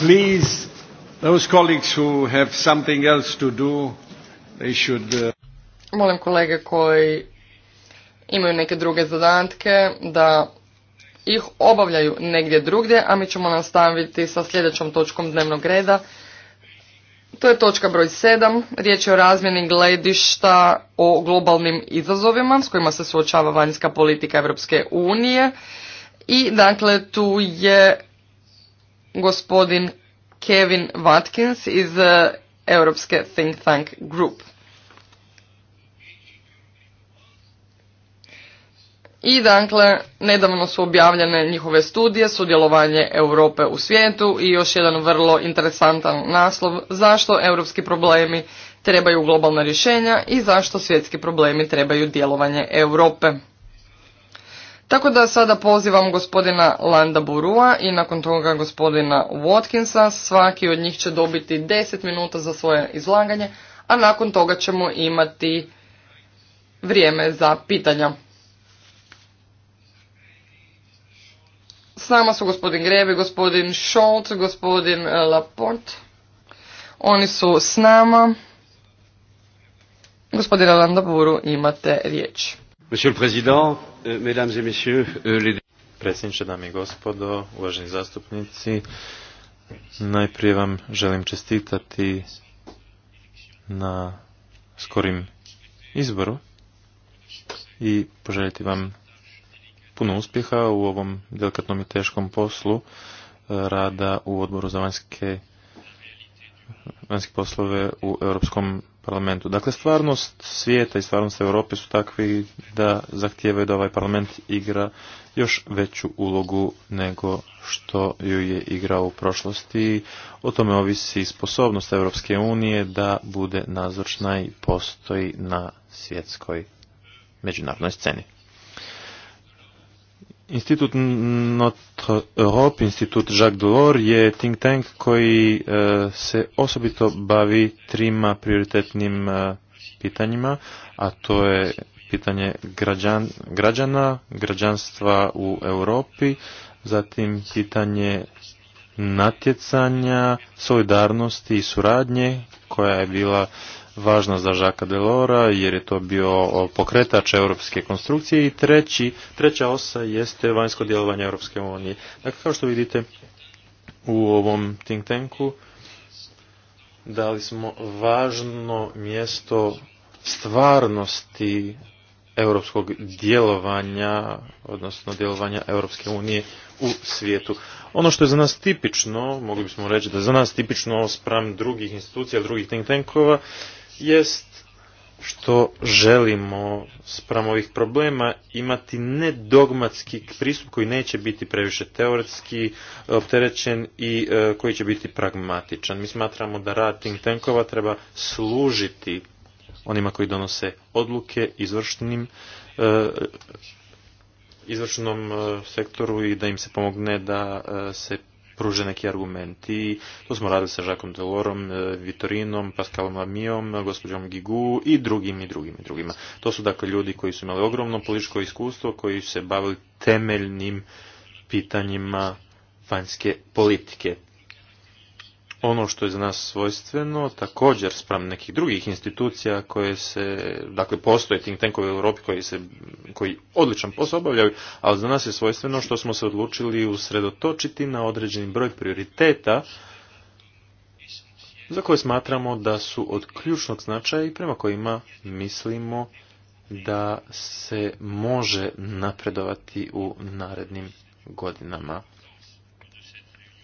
Please, those Molim kolege koji imaju neke druge zadatke da ih obavljaju negdje drugdje, a mi ćemo nastaviti sa sljedećom točkom dnevnog reda. To je točka broj 7. Riječ je o razmjeni gledišta o globalnim izazovima s kojima se suočava vanjska politika Europske unije. I dakle tu je gospodin Kevin Watkins iz eh, Europske Think Tank Group. I dakle, nedavno su objavljene njihove studije, sudjelovanje Europe u svijetu i još jedan vrlo interesantan naslov zašto europski problemi trebaju globalna rješenja i zašto svjetski problemi trebaju djelovanje Europe. Tako da sada pozivam gospodina Landa Burua i nakon toga gospodina Watkinsa. Svaki od njih će dobiti 10 minuta za svoje izlaganje, a nakon toga ćemo imati vrijeme za pitanja. S nama su gospodin Grebe, gospodin Šolt, gospodin Laporte. Oni su s nama. Gospodine Landaburu, imate riječ. Monsieur le Président, euh, Mesdames et Messieurs, euh, dame i gospodo, uvaženi zastupnici, najprije vam želim čestitati na skorim izboru i poželjeti vam puno uspjeha u ovom delikatnom i teškom poslu e, rada u odboru za vanjske vanjske poslove u Europskom parlamentu. Dakle, stvarnost svijeta i stvarnost Europe su takvi da zahtijevaju da ovaj parlament igra još veću ulogu nego što ju je igrao u prošlosti. O tome ovisi sposobnost Europske unije da bude nazočna i postoji na svjetskoj međunarodnoj sceni. Institut Notre Europe, institut Jacques Delors je think tank koji e, se osobito bavi trima prioritetnim e, pitanjima, a to je pitanje građana, građanstva u Europi, zatim pitanje natjecanja, solidarnosti i suradnje koja je bila važna za Žaka Delora jer je to bio pokretač europske konstrukcije i treći, treća osa jeste vanjsko djelovanje Europske unije. Dakle, kao što vidite u ovom think tanku dali smo važno mjesto stvarnosti europskog djelovanja, odnosno djelovanja Europske unije u svijetu. Ono što je za nas tipično, mogli bismo reći da je za nas tipično spram drugih institucija, drugih think tankova, jest što želimo spram ovih problema imati nedogmatski pristup koji neće biti previše teoretski e, opterećen i e, koji će biti pragmatičan. Mi smatramo da rad think tankova treba služiti onima koji donose odluke, izvršnim e, izvršnom e, sektoru i da im se pomogne da e, se pruže neki argumenti. To smo radili sa Žakom Delorom, e, Vitorinom, Pascalom Lamijom, gospođom Gigu i drugim i drugim i drugima. To su dakle ljudi koji su imali ogromno političko iskustvo, koji su se bavili temeljnim pitanjima vanjske politike ono što je za nas svojstveno, također spram nekih drugih institucija koje se, dakle postoje think tankovi u Europi koji, se, koji odličan posao obavljaju, ali za nas je svojstveno što smo se odlučili usredotočiti na određeni broj prioriteta za koje smatramo da su od ključnog značaja i prema kojima mislimo da se može napredovati u narednim godinama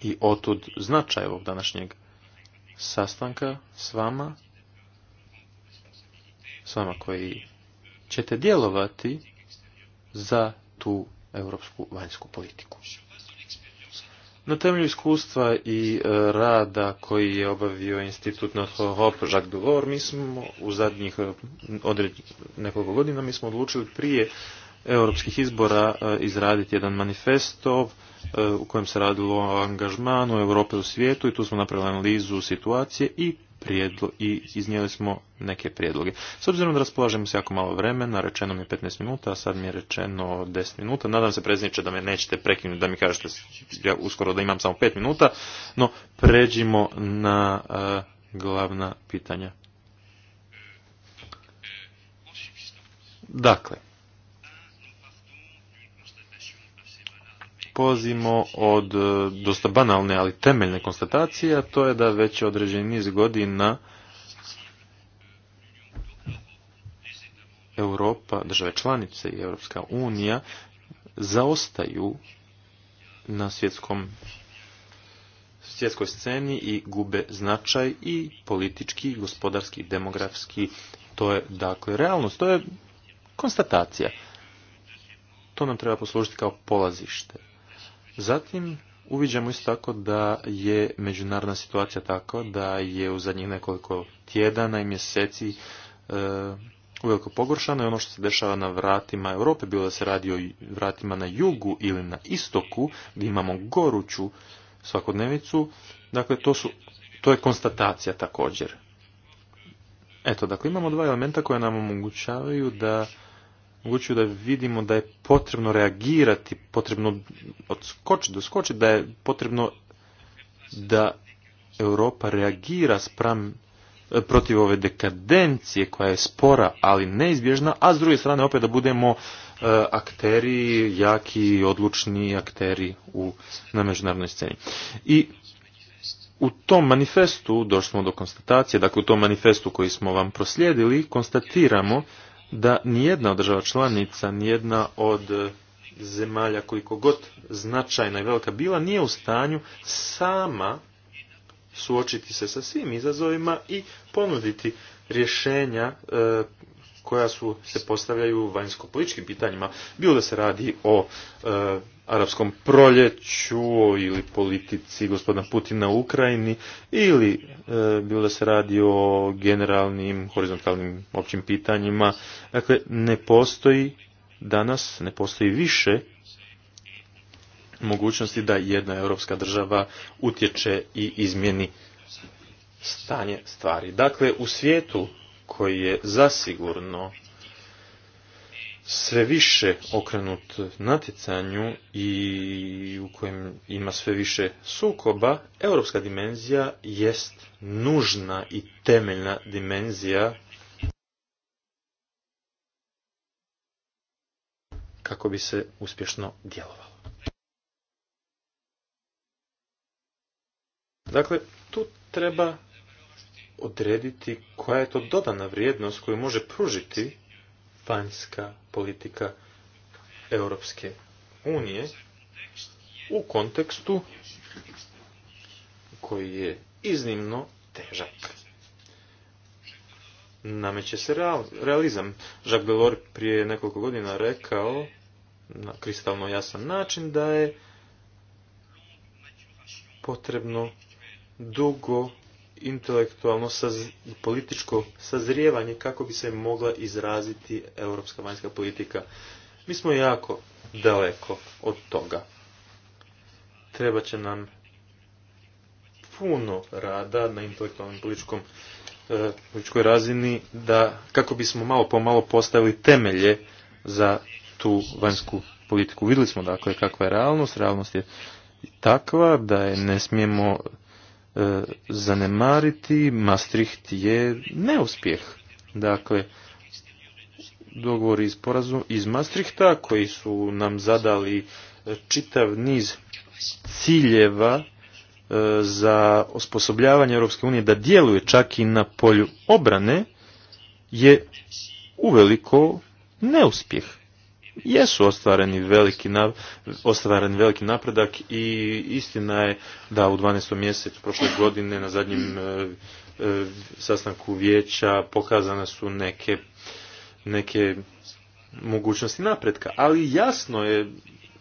i otud značaj ovog današnjeg sastanka s vama, s vama koji ćete djelovati za tu europsku vanjsku politiku. Na temelju iskustva i e, rada koji je obavio institut na Hop Jacques Duvor, mi smo u zadnjih e, nekoliko godina mi smo odlučili prije europskih izbora e, izraditi jedan manifesto e, u kojem se radilo o angažmanu Europe u svijetu i tu smo napravili analizu situacije i prijedlo i iznijeli smo neke prijedloge. S obzirom da raspolažemo se jako malo vremena, rečeno mi je 15 minuta, a sad mi je rečeno 10 minuta. Nadam se, predsjedniče, da me nećete prekinuti, da mi kažete uskoro da imam samo 5 minuta, no pređimo na e, glavna pitanja. Dakle, polazimo od e, dosta banalne, ali temeljne konstatacije, a to je da već određeni niz godina Europa, države članice i Europska unija zaostaju na svjetskom svjetskoj sceni i gube značaj i politički, i gospodarski, i demografski. To je dakle realnost, to je konstatacija. To nam treba poslužiti kao polazište. Zatim, uviđamo isto tako da je međunarodna situacija tako da je u zadnjih nekoliko tjedana i mjeseci e, uveliko pogoršano i ono što se dešava na vratima Europe, bilo da se radi o vratima na jugu ili na istoku, gdje imamo goruću svakodnevicu, dakle to, su, to je konstatacija također. Eto, dakle imamo dva elementa koja nam omogućavaju da omogućio da vidimo da je potrebno reagirati, potrebno odskočiti, doskočiti, da je potrebno da Europa reagira spram eh, protiv ove dekadencije koja je spora, ali neizbježna, a s druge strane opet da budemo eh, akteri, jaki, odlučni akteri u, na međunarodnoj sceni. I u tom manifestu, došli smo do konstatacije, dakle u tom manifestu koji smo vam proslijedili, konstatiramo da nijedna od država članica, nijedna od e, zemalja koliko god značajna i velika bila nije u stanju sama suočiti se sa svim izazovima i ponuditi rješenja e, koja su, se postavljaju vanjsko-političkim pitanjima, bilo da se radi o e, arapskom proljeću ili politici gospodina Putina u Ukrajini ili e, bilo da se radi o generalnim, horizontalnim općim pitanjima. Dakle, ne postoji danas, ne postoji više mogućnosti da jedna europska država utječe i izmjeni stanje stvari. Dakle, u svijetu koji je zasigurno sve više okrenut natjecanju i u kojem ima sve više sukoba, europska dimenzija jest nužna i temeljna dimenzija kako bi se uspješno djelovalo. Dakle, tu treba odrediti koja je to dodana vrijednost koju može pružiti vanjska politika Europske unije u kontekstu koji je iznimno težak. Nameće se realizam. Jacques Delors prije nekoliko godina rekao na kristalno jasan način da je potrebno dugo intelektualno i političko sazrijevanje kako bi se mogla izraziti europska vanjska politika. Mi smo jako daleko od toga. Treba će nam puno rada na intelektualnom političkom e, političkoj razini da kako bismo malo po malo postavili temelje za tu vanjsku politiku. Vidjeli smo dakle kakva je realnost, realnost je takva da je ne smijemo E, zanemariti. Maastricht je neuspjeh. Dakle, dogovori iz, porazum, iz Maastrichta koji su nam zadali e, čitav niz ciljeva e, za osposobljavanje Europske unije da djeluje čak i na polju obrane je uveliko neuspjeh jesu ostvareni veliki, na, ostvaren veliki napredak i istina je da u 12. mjesecu prošle godine na zadnjem mm. e, e, sastanku vijeća pokazane su neke, neke mogućnosti napretka, ali jasno je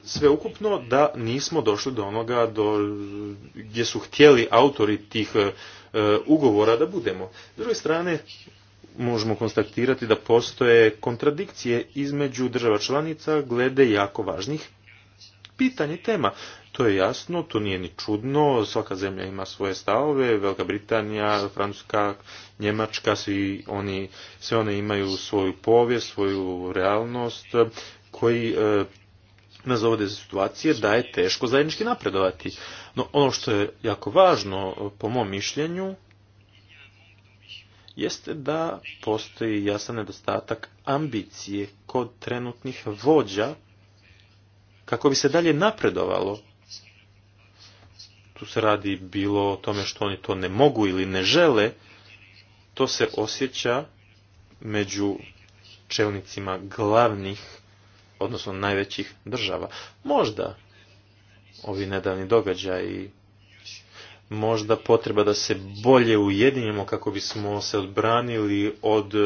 sveukupno da nismo došli do onoga do, gdje su htjeli autori tih e, ugovora da budemo. S druge strane, možemo konstatirati da postoje kontradikcije između država članica glede jako važnih pitanja i tema. To je jasno, to nije ni čudno, svaka zemlja ima svoje stavove, Velika Britanija, Francuska, Njemačka, svi oni, sve one imaju svoju povijest, svoju realnost, koji e, nas dovode situacije da je teško zajednički napredovati. No ono što je jako važno, po mom mišljenju, jeste da postoji jasan nedostatak ambicije kod trenutnih vođa kako bi se dalje napredovalo. Tu se radi bilo o tome što oni to ne mogu ili ne žele, to se osjeća među čelnicima glavnih, odnosno najvećih država. Možda ovi nedavni događaji možda potreba da se bolje ujedinimo kako bismo se odbranili od, e,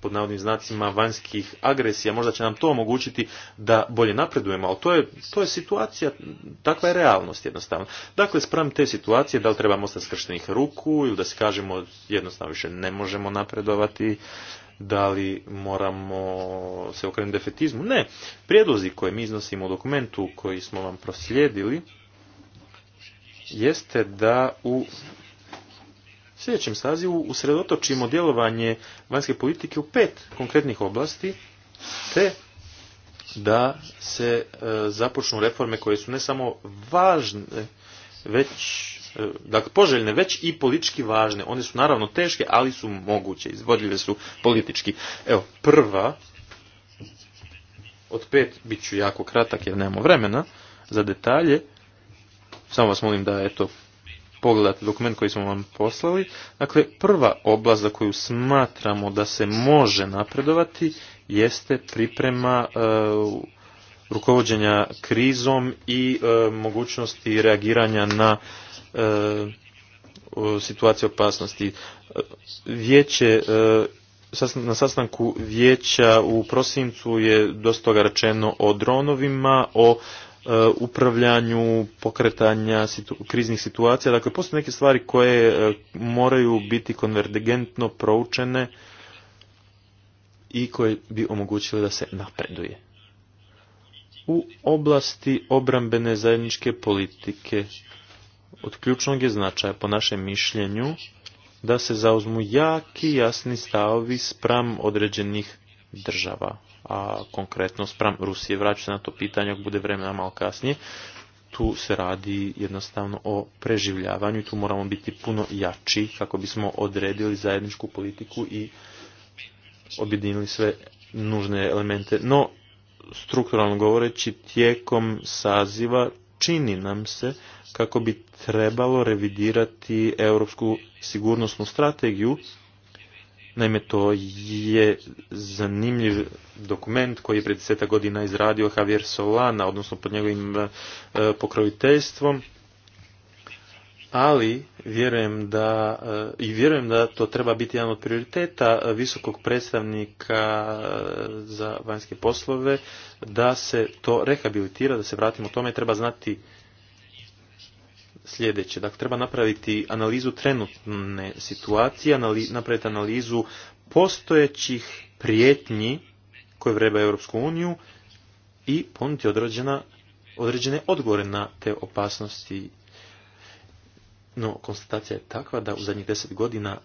pod navodnim znacima, vanjskih agresija. Možda će nam to omogućiti da bolje napredujemo, ali to je, to je situacija, takva je realnost jednostavno. Dakle, spram te situacije, da li trebamo ostati skrštenih ruku ili da se kažemo jednostavno više ne možemo napredovati, da li moramo se okrenuti defetizmu. Ne, prijedlozi koje mi iznosimo u dokumentu koji smo vam proslijedili, jeste da u sljedećem sazivu usredotočimo djelovanje vanjske politike u pet konkretnih oblasti, te da se e, započnu reforme koje su ne samo važne, već e, dakle poželjne već i politički važne. One su naravno teške, ali su moguće, izvodljive su politički. Evo, prva od pet bit ću jako kratak jer nemamo vremena za detalje. Samo vas molim da eto pogledate dokument koji smo vam poslali. Dakle, prva oblast za koju smatramo da se može napredovati jeste priprema e, rukovođenja krizom i e, mogućnosti reagiranja na e, situaciju situacije opasnosti. Vijeće na sastanku vijeća u prosincu je dosta toga rečeno o dronovima, o E, upravljanju pokretanja situ, kriznih situacija. Dakle, postoje neke stvari koje e, moraju biti konvergentno proučene i koje bi omogućile da se napreduje. U oblasti obrambene zajedničke politike od ključnog je značaja po našem mišljenju da se zauzmu jaki jasni stavovi spram određenih država a konkretno spram Rusije vraća se na to pitanje ako bude vremena malo kasnije. Tu se radi jednostavno o preživljavanju i tu moramo biti puno jači kako bismo odredili zajedničku politiku i objedinili sve nužne elemente. No, strukturalno govoreći, tijekom saziva čini nam se kako bi trebalo revidirati europsku sigurnosnu strategiju Naime, to je zanimljiv dokument koji je pred deseta godina izradio Javier Solana, odnosno pod njegovim e, pokroviteljstvom. Ali vjerujem da e, i vjerujem da to treba biti jedan od prioriteta visokog predstavnika e, za vanjske poslove da se to rehabilitira, da se vratimo tome, treba znati sljedeće. Dakle, treba napraviti analizu trenutne situacije, napraviti analizu postojećih prijetnji koje vreba Europsku uniju i ponuti određena, određene odgovore na te opasnosti. No, konstatacija je takva da u zadnjih deset godina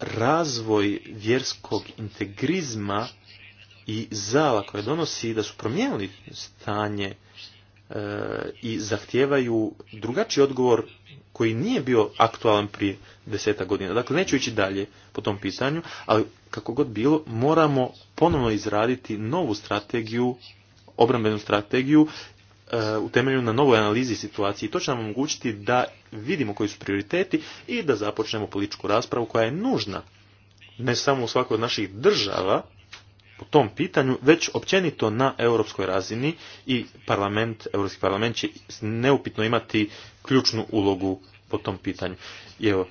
razvoj vjerskog integrizma i zala koje donosi da su promijenili stanje E, i zahtijevaju drugačiji odgovor koji nije bio aktualan prije deseta godina. Dakle, neću ići dalje po tom pitanju, ali kako god bilo, moramo ponovno izraditi novu strategiju, obrambenu strategiju, e, u temelju na novoj analizi situacije i to će nam omogućiti da vidimo koji su prioriteti i da započnemo političku raspravu koja je nužna ne samo u svakoj od naših država, po tom pitanju, već općenito na europskoj razini i parlament, Europski parlament će neupitno imati ključnu ulogu po tom pitanju. I evo,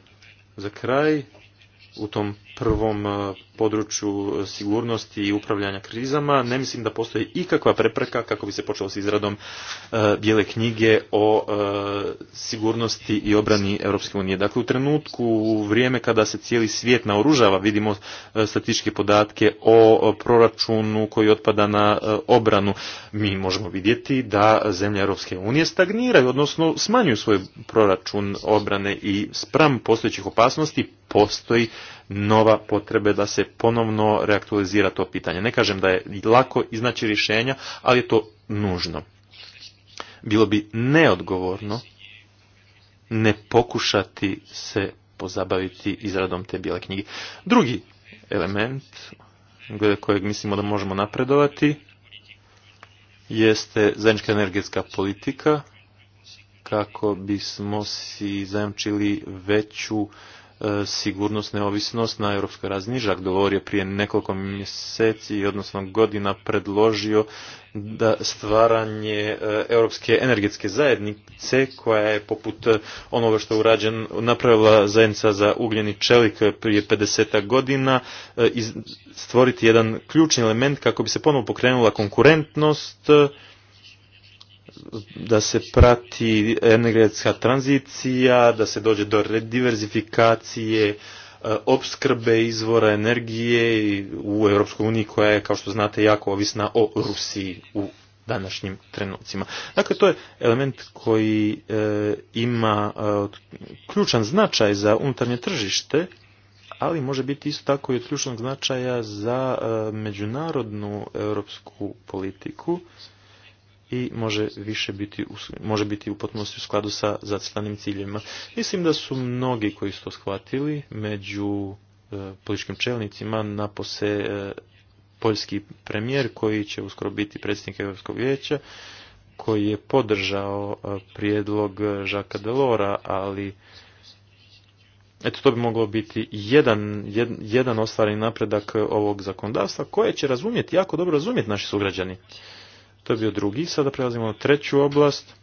za kraj, u tom prvom e, području e, sigurnosti i upravljanja krizama, ne mislim da postoji ikakva prepreka kako bi se počelo s izradom e, bijele knjige o sigurnosti i obrani Europske unije. Dakle, u trenutku, u vrijeme kada se cijeli svijet naoružava, vidimo statističke podatke o proračunu koji otpada na obranu, mi možemo vidjeti da zemlje Europske unije stagniraju, odnosno smanjuju svoj proračun obrane i spram postojećih opasnosti postoji nova potrebe da se ponovno reaktualizira to pitanje. Ne kažem da je lako iznaći rješenja, ali je to nužno. Bilo bi neodgovorno ne pokušati se pozabaviti izradom te bijele knjige. Drugi element glede kojeg mislimo da možemo napredovati jeste zajednička energetska politika kako bismo si zajamčili veću E, sigurnost, neovisnost na europskoj razini. Žak je prije nekoliko mjeseci, odnosno godina, predložio da stvaranje e, europske energetske zajednice, koja je poput onoga što je urađen, napravila zajednica za ugljeni čelik prije 50 godina, e, stvoriti jedan ključni element kako bi se ponovno pokrenula konkurentnost, da se prati energetska tranzicija, da se dođe do rediverzifikacije e, opskrbe izvora energije u Europskoj uniji koja je kao što znate jako ovisna o Rusiji u današnjim trenucima. Dakle, to je element koji e, ima e, ključan značaj za unutarnje tržište, ali može biti isto tako i od ključnog značaja za međunarodnu europsku politiku i može više biti može biti u potpunosti u skladu sa zacrtanim ciljevima. Mislim da su mnogi koji su to shvatili među e, političkim čelnicima napose e, poljski premijer koji će uskoro biti predsjednik Europskog vijeća koji je podržao e, prijedlog Žaka Delora, ali Eto, to bi moglo biti jedan, jed, jedan ostvareni napredak ovog zakonodavstva koje će razumjeti, jako dobro razumjeti naši sugrađani. To je bio drugi. Sada prelazimo na treću oblast.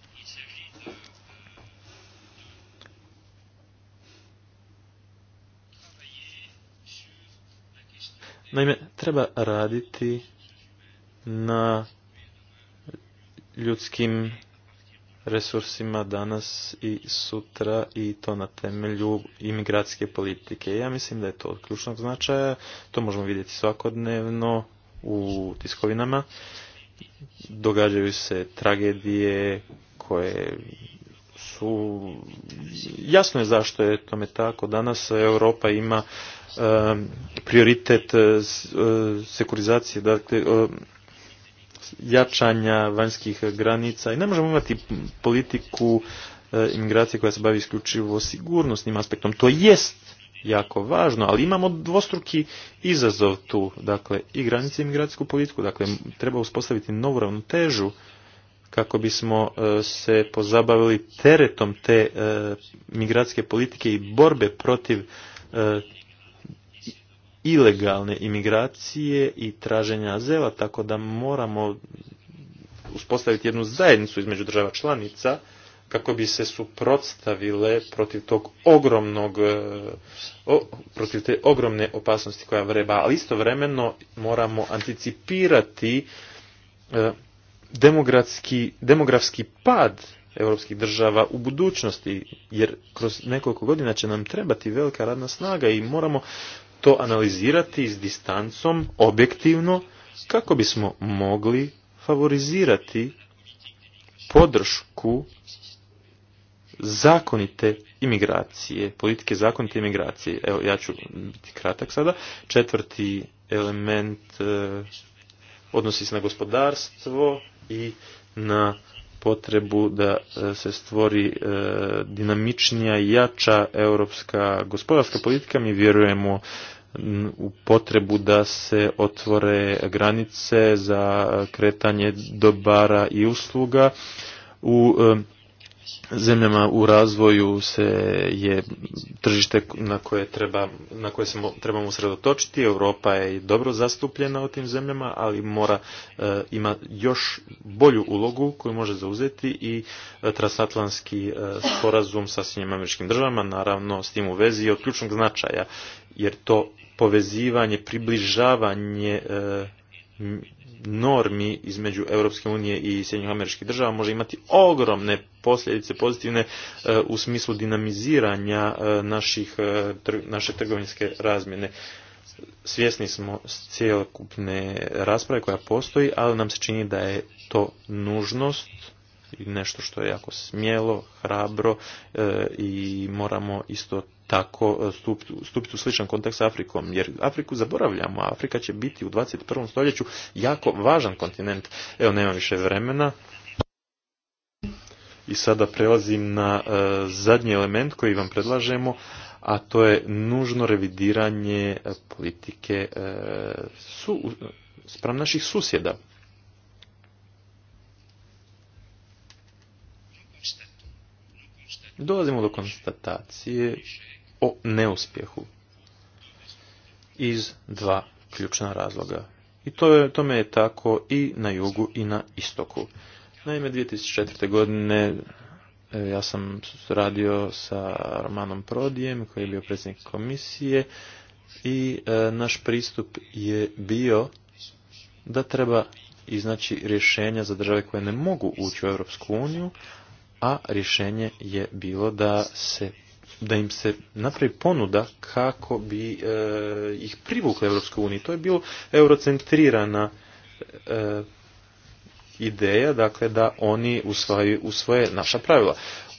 Naime, treba raditi na ljudskim resursima danas i sutra i to na temelju imigracijske politike. Ja mislim da je to od ključnog značaja, to možemo vidjeti svakodnevno u tiskovinama događaju se tragedije koje su jasno je zašto je tome tako danas Europa ima prioritet eh, eh, sekurizacije dakle eh, jačanja vanjskih granica i ne možemo imati politiku imigracije koja se bavi isključivo sigurnosnim aspektom to jest jako važno, ali imamo dvostruki izazov tu, dakle i granice i migracijsku politiku, dakle treba uspostaviti novu ravnotežu kako bismo e, se pozabavili teretom te e, migracijske politike i borbe protiv e, ilegalne imigracije i traženja azela, tako da moramo uspostaviti jednu zajednicu između država članica kako bi se suprotstavile protiv tog ogromnog, e, o, protiv te ogromne opasnosti koja vreba, ali istovremeno moramo anticipirati e, demografski, demografski pad europskih država u budućnosti, jer kroz nekoliko godina će nam trebati velika radna snaga i moramo to analizirati s distancom, objektivno, kako bismo mogli favorizirati podršku zakonite imigracije, politike zakonite imigracije. Evo, ja ću biti kratak sada. Četvrti element e, odnosi se na gospodarstvo i na potrebu da e, se stvori e, dinamičnija i jača europska gospodarska politika. Mi vjerujemo u potrebu da se otvore granice za kretanje dobara i usluga u e, zemljama u razvoju se je tržište na koje, treba, na koje se trebamo usredotočiti. Europa je dobro zastupljena u tim zemljama, ali mora e, ima još bolju ulogu koju može zauzeti i e, transatlantski e, sporazum sa svim američkim državama, naravno s tim u vezi je od ključnog značaja, jer to povezivanje, približavanje normi između Europske unije i Sjedinjih američkih država može imati ogromne posljedice pozitivne e, u smislu dinamiziranja e, naših, e, naše trgovinske razmjene. Svjesni smo cijelokupne rasprave koja postoji, ali nam se čini da je to nužnost i nešto što je jako smjelo, hrabro i moramo isto tako e, stupiti u sličan kontekst s Afrikom, jer Afriku zaboravljamo, a Afrika će biti u 21. stoljeću jako važan kontinent. Evo, nema više vremena. I sada prelazim na e, zadnji element koji vam predlažemo, a to je nužno revidiranje politike e, su, spram naših susjeda. dolazimo do konstatacije o neuspjehu iz dva ključna razloga. I to, tome je tako i na jugu i na istoku. Naime, 2004. godine e, ja sam radio sa Romanom Prodijem koji je bio predsjednik komisije i e, naš pristup je bio da treba iznaći rješenja za države koje ne mogu ući u Europsku uniju, a rješenje je bilo da se da im se napravi ponuda kako bi e, ih privukli Europskoj uniji. To je bilo eurocentrirana e, ideja, dakle da oni usvoje naša pravila.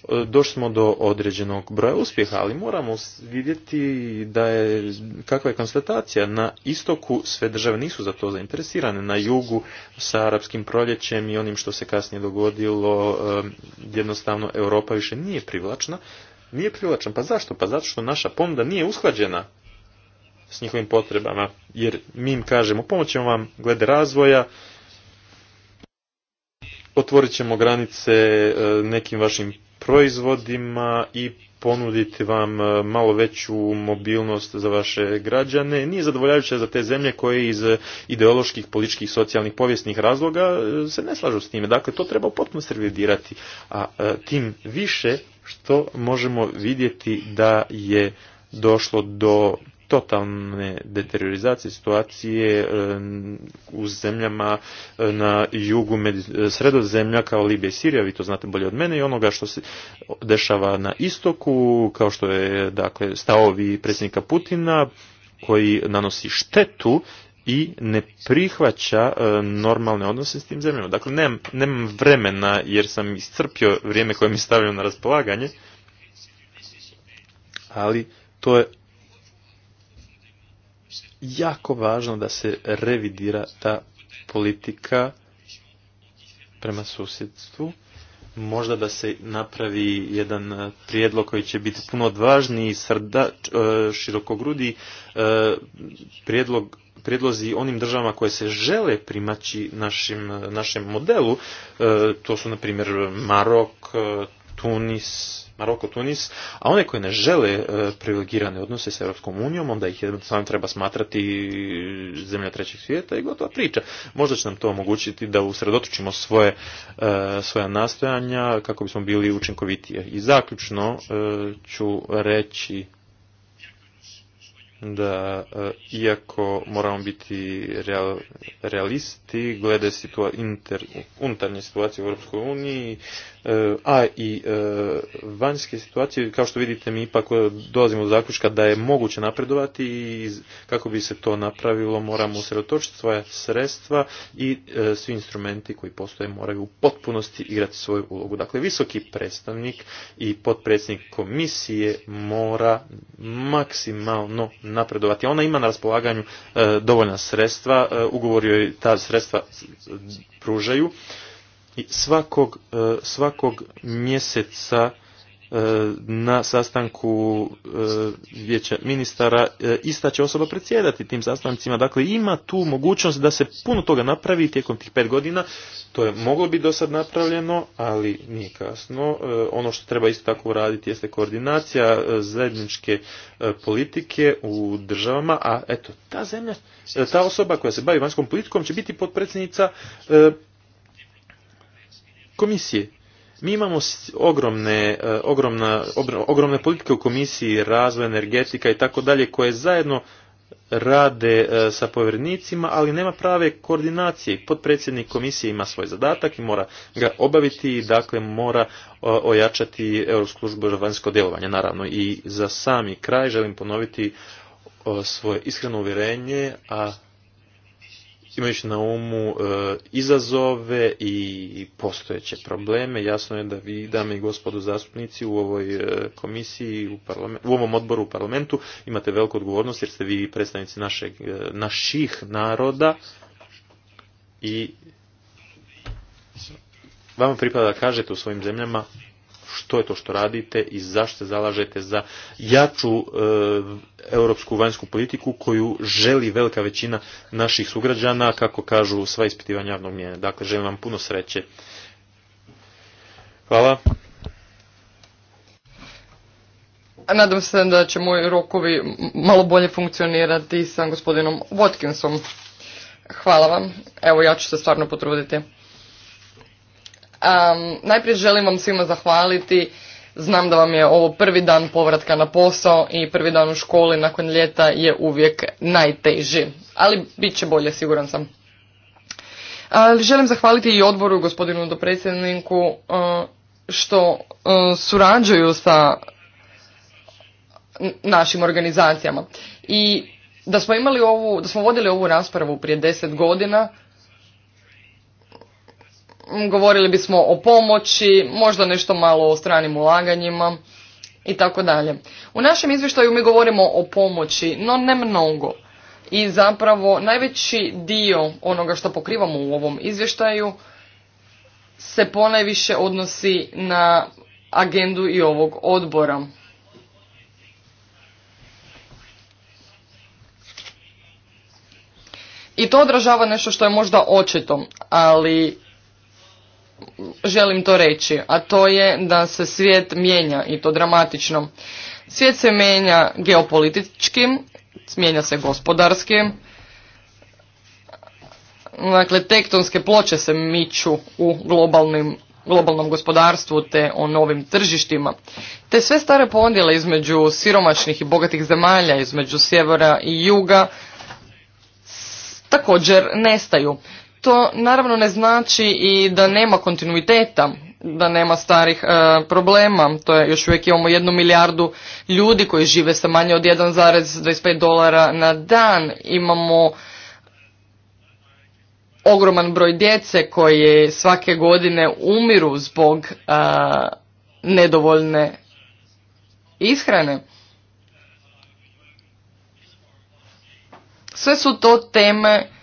E, došli smo do određenog broja uspjeha, ali moramo vidjeti da je, kakva je konstatacija. Na istoku sve države nisu za to zainteresirane. Na jugu sa arapskim proljećem i onim što se kasnije dogodilo, e, jednostavno Europa više nije privlačna. Nije privlačna. Pa zašto? Pa zato što naša ponuda nije usklađena s njihovim potrebama. Jer mi im kažemo pomoćemo vam glede razvoja, otvorit ćemo granice e, nekim vašim proizvodima i ponuditi vam e, malo veću mobilnost za vaše građane. Nije zadovoljavajuće za te zemlje koje iz ideoloških, političkih, socijalnih, povijesnih razloga e, se ne slažu s time. Dakle, to treba potpuno servidirati. A e, tim više što možemo vidjeti da je došlo do totalne deteriorizacije situacije e, u zemljama e, na jugu e, sredozemlja kao Libija i Sirija, vi to znate bolje od mene, i onoga što se dešava na istoku, kao što je dakle, stavovi predsjednika Putina, koji nanosi štetu i ne prihvaća normalne odnose s tim zemljama. Dakle, nemam, nemam vremena jer sam iscrpio vrijeme koje mi stavljaju na raspolaganje, ali to je jako važno da se revidira ta politika prema susjedstvu. Možda da se napravi jedan eh, prijedlog koji će biti puno odvažniji, i eh, širokogrudi eh, prijedlog prijedlozi onim državama koje se žele primaći našim, našem modelu, to su na primjer Marok, Tunis, Maroko, Tunis, a one koje ne žele e, privilegirane odnose s Europskom unijom, onda ih jednostavno treba smatrati e, zemlja trećeg svijeta i gotova priča. Možda će nam to omogućiti da usredotočimo svoje, e, svoja nastojanja kako bismo bili učinkovitije. I zaključno ću reći da iako moramo biti realisti glede situa, inter, unutarnje situacije u Europskoj uniji, E, a i e, vanjske situacije, kao što vidite mi ipak e, dolazimo do zaključka da je moguće napredovati i kako bi se to napravilo moramo usredotočiti svoja sredstva i svi instrumenti koji postoje moraju u potpunosti igrati svoju ulogu. Dakle, visoki predstavnik i potpredsjednik komisije mora maksimalno napredovati. Ona ima na raspolaganju dovoljna sredstva, ugovor joj ta sredstva pružaju svakog, e, svakog mjeseca e, na sastanku e, vijeća ministara ista će osoba predsjedati tim sastancima. Dakle, ima tu mogućnost da se puno toga napravi tijekom tih pet godina. To je moglo biti do sad napravljeno, ali nije kasno. Ono što treba isto tako uraditi jeste koordinacija zajedničke politike u državama, a eto, ta zemlja, ta osoba koja se bavi vanjskom politikom će biti potpredsjednica komisije. Mi imamo ogromne, e, ogromna, ogromne politike u komisiji, razvoj, energetika i tako dalje, koje zajedno rade e, sa povjerenicima, ali nema prave koordinacije. Potpredsjednik komisije ima svoj zadatak i mora ga obaviti i dakle mora ojačati Europsku službu za vanjsko djelovanje. Naravno i za sami kraj želim ponoviti svoje iskreno uvjerenje, a Imajući na umu e, izazove i postojeće probleme, jasno je da vi, dame i gospodu zastupnici, u ovoj e, komisiji, u, u ovom odboru u parlamentu imate veliku odgovornost jer ste vi predstavnici našeg, e, naših naroda i vama pripada da kažete u svojim zemljama što je to što radite i zašto se zalažete za jaču e, europsku vanjsku politiku koju želi velika većina naših sugrađana, kako kažu sva ispitivanja javnog mjene. Dakle, želim vam puno sreće. Hvala. Nadam se da će moji rokovi malo bolje funkcionirati sa gospodinom Watkinsom. Hvala vam. Evo ja ću se stvarno potruditi. Um, najprije želim vam svima zahvaliti. Znam da vam je ovo prvi dan povratka na posao i prvi dan u školi nakon ljeta je uvijek najteži, ali bit će bolje, siguran sam. Ali želim zahvaliti i odboru, gospodinu dopredsjedniku, e, što e, surađuju sa našim organizacijama. I da smo imali ovu, da smo vodili ovu raspravu prije deset godina, govorili bismo o pomoći, možda nešto malo o stranim ulaganjima i tako dalje. U našem izvještaju mi govorimo o pomoći, no ne mnogo. I zapravo najveći dio onoga što pokrivamo u ovom izvještaju se ponajviše odnosi na agendu i ovog odbora. I to odražava nešto što je možda očito, ali želim to reći, a to je da se svijet mijenja i to dramatično. Svijet se mijenja geopolitički, mijenja se gospodarski, dakle tektonske ploče se miču u globalnom gospodarstvu te o novim tržištima. Te sve stare podjele između siromašnih i bogatih zemalja, između sjevera i juga, također nestaju to naravno ne znači i da nema kontinuiteta, da nema starih e, problema. To je još uvijek imamo jednu milijardu ljudi koji žive sa manje od 1,25 dolara na dan. Imamo ogroman broj djece koje svake godine umiru zbog e, nedovoljne ishrane. Sve su to teme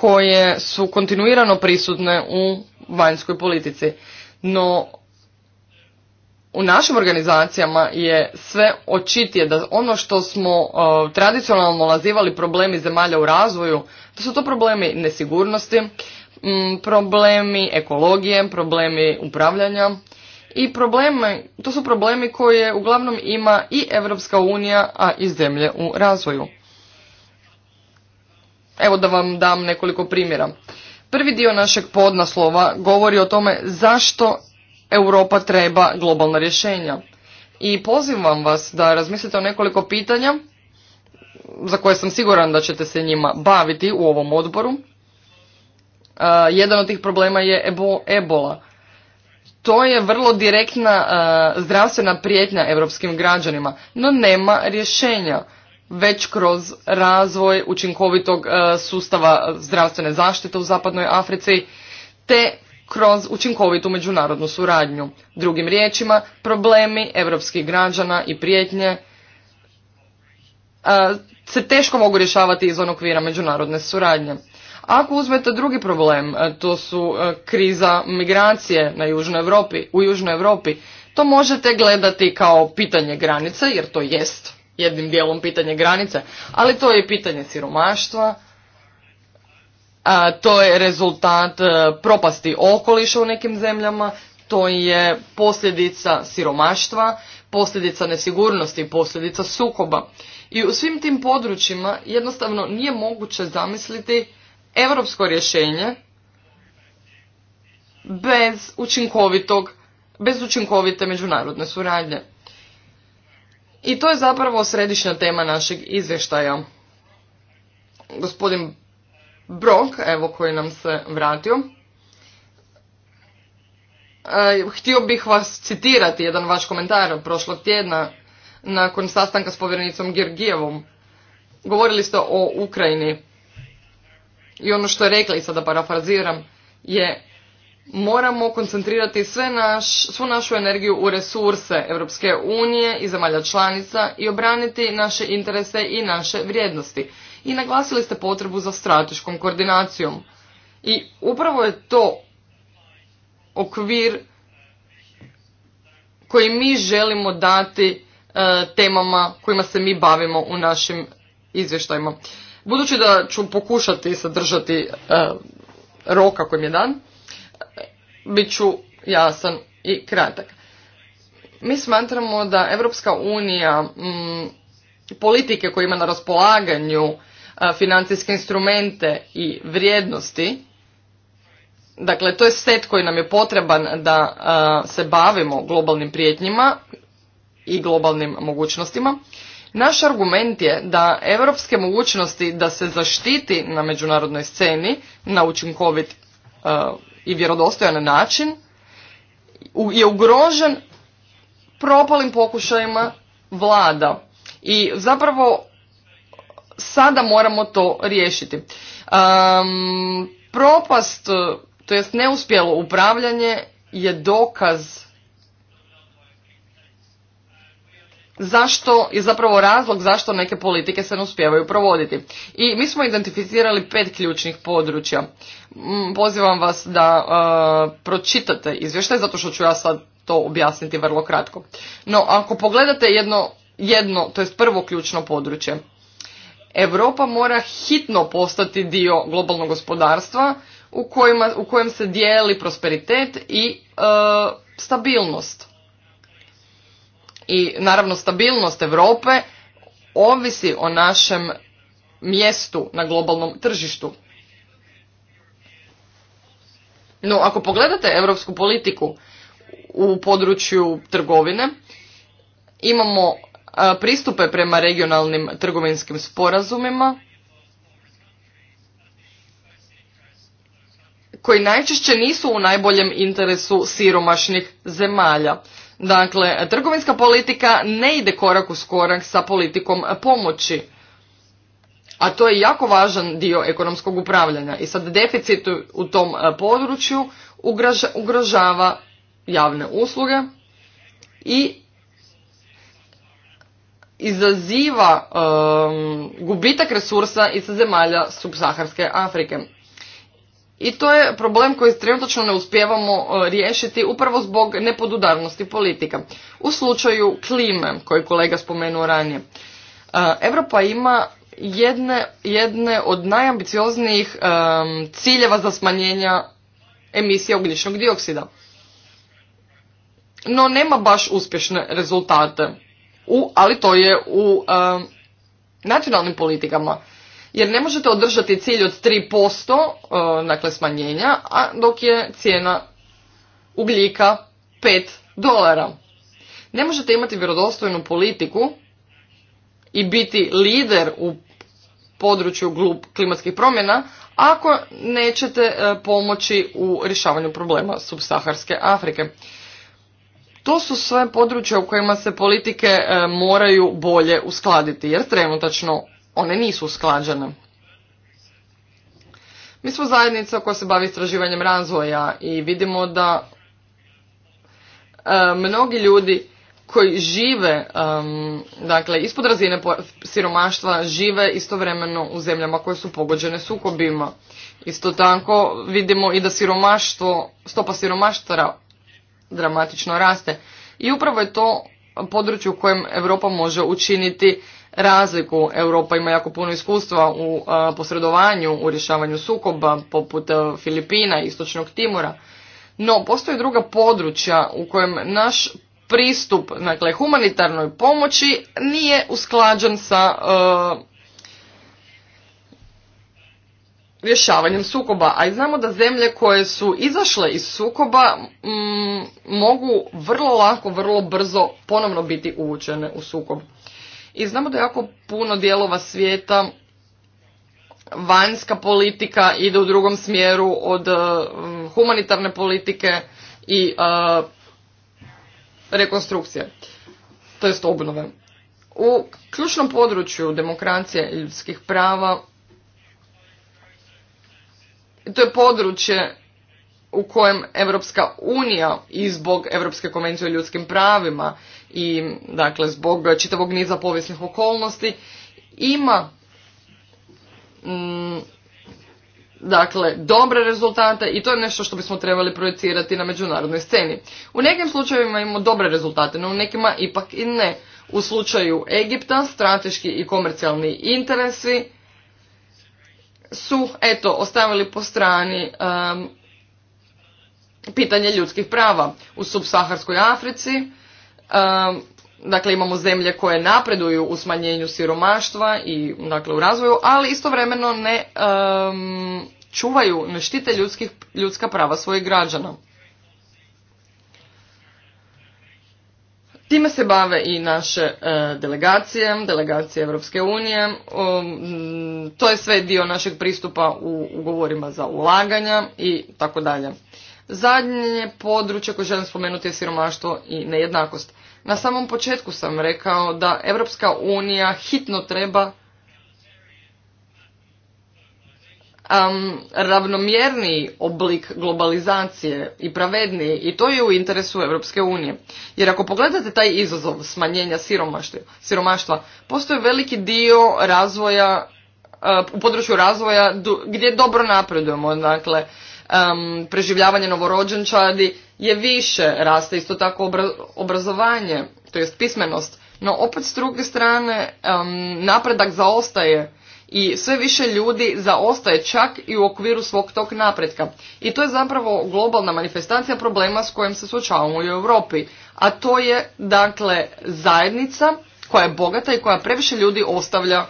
koje su kontinuirano prisutne u vanjskoj politici. No, u našim organizacijama je sve očitije da ono što smo uh, tradicionalno nazivali problemi zemalja u razvoju, da su to problemi nesigurnosti, mm, problemi ekologije, problemi upravljanja i problemi to su problemi koje uglavnom ima i Europska unija, a i zemlje u razvoju. Evo da vam dam nekoliko primjera. Prvi dio našeg podnaslova govori o tome zašto Europa treba globalna rješenja. I pozivam vas da razmislite o nekoliko pitanja za koje sam siguran da ćete se njima baviti u ovom odboru. E, jedan od tih problema je ebola. To je vrlo direktna e, zdravstvena prijetnja europskim građanima, no nema rješenja već kroz razvoj učinkovitog e, sustava zdravstvene zaštite u zapadnoj Africi te kroz učinkovitu međunarodnu suradnju. Drugim riječima, problemi europskih građana i prijetnje e, se teško mogu rješavati izvan okvira međunarodne suradnje. Ako uzmete drugi problem, e, to su kriza migracije na Južnoj Europi, u Južnoj Europi, to možete gledati kao pitanje granice, jer to jest jednim dijelom pitanje granice, ali to je i pitanje siromaštva, a, to je rezultat e, propasti okoliša u nekim zemljama, to je posljedica siromaštva, posljedica nesigurnosti, posljedica sukoba. I u svim tim područjima jednostavno nije moguće zamisliti europsko rješenje bez učinkovitog, bez učinkovite međunarodne suradnje. I to je zapravo središnja tema našeg izvještaja. Gospodin Brok, evo koji nam se vratio, e, htio bih vas citirati jedan vaš komentar prošlog tjedna nakon sastanka s povjerenicom Gergijevom. Govorili ste o Ukrajini i ono što je rekla i sada parafraziram je moramo koncentrirati sve naš, svu našu energiju u resurse Europske unije i zemalja članica i obraniti naše interese i naše vrijednosti. I naglasili ste potrebu za strateškom koordinacijom. I upravo je to okvir koji mi želimo dati e, temama kojima se mi bavimo u našim izvještajima. Budući da ću pokušati sadržati e, roka kojim je dan, bit ću jasan i kratak. Mi smatramo da Europska unija mm, politike koje ima na raspolaganju e, financijske instrumente i vrijednosti, dakle to je set koji nam je potreban da e, se bavimo globalnim prijetnjima i globalnim mogućnostima. Naš argument je da europske mogućnosti da se zaštiti na međunarodnoj sceni na učinkovit e, i vjerodostojan način je ugrožen propalim pokušajima vlada. I zapravo sada moramo to riješiti. Um, propast, to jest neuspjelo upravljanje je dokaz zašto je zapravo razlog zašto neke politike se ne uspijevaju provoditi. I mi smo identificirali pet ključnih područja. Mm, pozivam vas da e, pročitate izvještaj zato što ću ja sad to objasniti vrlo kratko. No, ako pogledate jedno, jedno to jest prvo ključno područje, Europa mora hitno postati dio globalnog gospodarstva u, kojima, u kojem se dijeli prosperitet i e, stabilnost i naravno stabilnost Europe ovisi o našem mjestu na globalnom tržištu. No, ako pogledate europsku politiku u području trgovine, imamo e, pristupe prema regionalnim trgovinskim sporazumima koji najčešće nisu u najboljem interesu siromašnih zemalja. Dakle, trgovinska politika ne ide korak uz korak sa politikom pomoći. A to je jako važan dio ekonomskog upravljanja. I sad deficit u tom e, području ugrožava javne usluge i izaziva e, gubitak resursa iz zemalja subsaharske Afrike i to je problem koji trenutačno ne uspijevamo e, riješiti upravo zbog nepodudarnosti politika. U slučaju klime, koji je kolega spomenuo ranije, e, Europa ima jedne, jedne od najambicioznijih e, ciljeva za smanjenja emisije ugljičnog dioksida. No nema baš uspješne rezultate, u, ali to je u nacionalnim politikama jer ne možete održati cilj od 3% e, dakle smanjenja, a dok je cijena ugljika 5 dolara. Ne možete imati vjerodostojnu politiku i biti lider u području klimatskih promjena ako nećete e, pomoći u rješavanju problema subsaharske Afrike. To su sve područja u kojima se politike e, moraju bolje uskladiti jer trenutačno one nisu usklađene. Mi smo zajednica koja se bavi istraživanjem razvoja i vidimo da e, mnogi ljudi koji žive, dakle, ispod razine siromaštva, žive istovremeno u zemljama koje su pogođene sukobima. Isto tako vidimo i da siromaštvo, stopa siromaštva dramatično raste. I upravo je to područje u kojem Europa može učiniti razliku. Europa ima jako puno iskustva u posredovanju, u rješavanju sukoba, poput Filipina, Istočnog Timora. No, postoje druga područja u kojem naš pristup dakle, humanitarnoj pomoći nije usklađen sa rješavanjem sukoba. A i znamo da zemlje koje su izašle iz sukoba mogu vrlo lako, vrlo brzo ponovno biti uvučene u sukob. I znamo da jako puno dijelova svijeta vanjska politika ide u drugom smjeru od e, humanitarne politike i e, rekonstrukcije, to jest obnove. U ključnom području demokracije i ljudskih prava to je područje u kojem Europska unija i zbog Europske konvencije o ljudskim pravima i dakle zbog čitavog niza povijesnih okolnosti ima mm, dakle dobre rezultate i to je nešto što bismo trebali projecirati na međunarodnoj sceni. U nekim slučajevima imamo dobre rezultate, no u nekima ipak i ne. U slučaju Egipta strateški i komercijalni interesi su eto ostavili po strani pitanje ljudskih prava. U subsaharskoj Africi Dakle, imamo zemlje koje napreduju u smanjenju siromaštva i dakle u razvoju, ali istovremeno ne čuvaju, ne štite ljudskih, ljudska prava svojih građana. Time se bave i naše e, delegacije, delegacije Europske unije. to je sve dio našeg pristupa u ugovorima za ulaganja i tako dalje. Zadnje područje koje želim spomenuti je siromaštvo i nejednakost. Na samom početku sam rekao da Europska unija hitno treba um, ravnomjerniji oblik globalizacije i pravedniji i to je u interesu Europske unije. Jer ako pogledate taj izazov smanjenja siromaštva, postoji veliki dio razvoja e, u području razvoja gdje dobro napredujemo. Dakle, preživljavanje novorođenčadi je više, raste isto tako obrazovanje, to jest pismenost. No opet s druge strane napredak zaostaje i sve više ljudi zaostaje čak i u okviru svog tog napretka. I to je zapravo globalna manifestacija problema s kojim se suočavamo u Europi, a to je dakle zajednica koja je bogata i koja previše ljudi ostavlja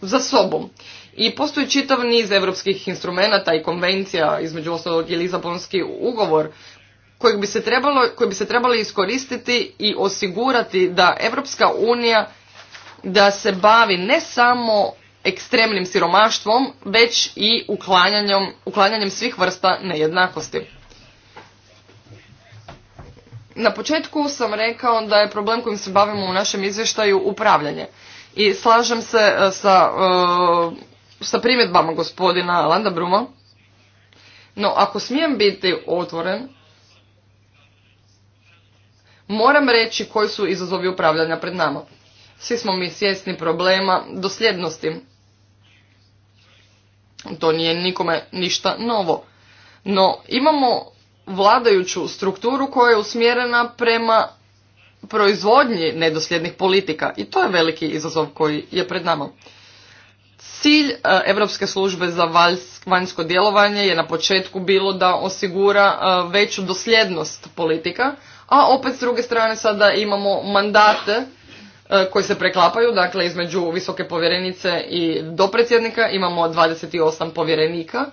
za sobom. I postoji čitav niz europskih instrumenata i konvencija, između ostalog i Lizabonski ugovor, kojeg bi se trebalo, koji bi se trebali iskoristiti i osigurati da Europska unija da se bavi ne samo ekstremnim siromaštvom, već i uklanjanjem, uklanjanjem svih vrsta nejednakosti. Na početku sam rekao da je problem kojim se bavimo u našem izvještaju upravljanje. I slažem se e, sa e, sa primjedbama gospodina Landa Bruma. No, ako smijem biti otvoren, moram reći koji su izazovi upravljanja pred nama. Svi smo mi svjesni problema dosljednosti. To nije nikome ništa novo. No, imamo vladajuću strukturu koja je usmjerena prema proizvodnji nedosljednih politika i to je veliki izazov koji je pred nama. Cilj e, Europske službe za vanjsko djelovanje je na početku bilo da osigura e, veću dosljednost politika, a opet s druge strane sada imamo mandate e, koji se preklapaju, dakle između visoke povjerenice i dopredsjednika imamo 28 povjerenika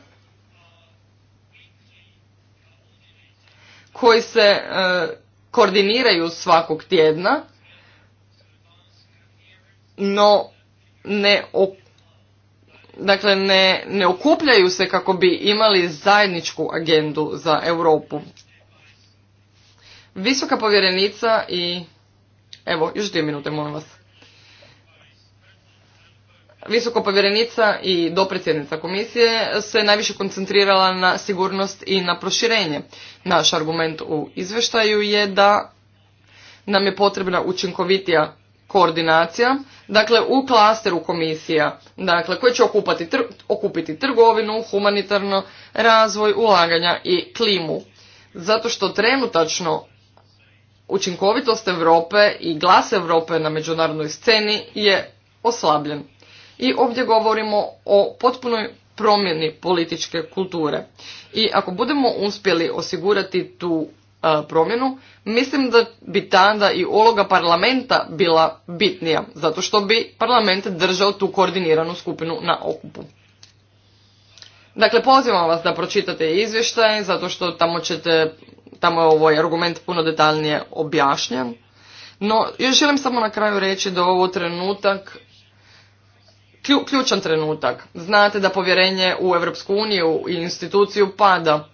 koji se koordiniraju svakog tjedna, no ne dakle ne, ne okupljaju se kako bi imali zajedničku agendu za Europu. Visoka povjerenica i evo još dvije minute molim vas. Visoko povjerenica i dopredsjednica komisije se najviše koncentrirala na sigurnost i na proširenje. Naš argument u izvještaju je da nam je potrebna učinkovitija koordinacija, dakle u klasteru komisija, dakle koji će okupati, okupiti trgovinu, humanitarno razvoj, ulaganja i klimu. Zato što trenutačno učinkovitost Europe i glas Europe na međunarodnoj sceni je oslabljen. I ovdje govorimo o potpunoj promjeni političke kulture. I ako budemo uspjeli osigurati tu E, promjenu, mislim da bi tada i uloga parlamenta bila bitnija, zato što bi parlament držao tu koordiniranu skupinu na okupu. Dakle, pozivam vas da pročitate izvještaje, zato što tamo ćete, tamo je ovaj argument puno detaljnije objašnjen. No, još želim samo na kraju reći da ovo trenutak, ključan trenutak. Znate da povjerenje u EU i instituciju pada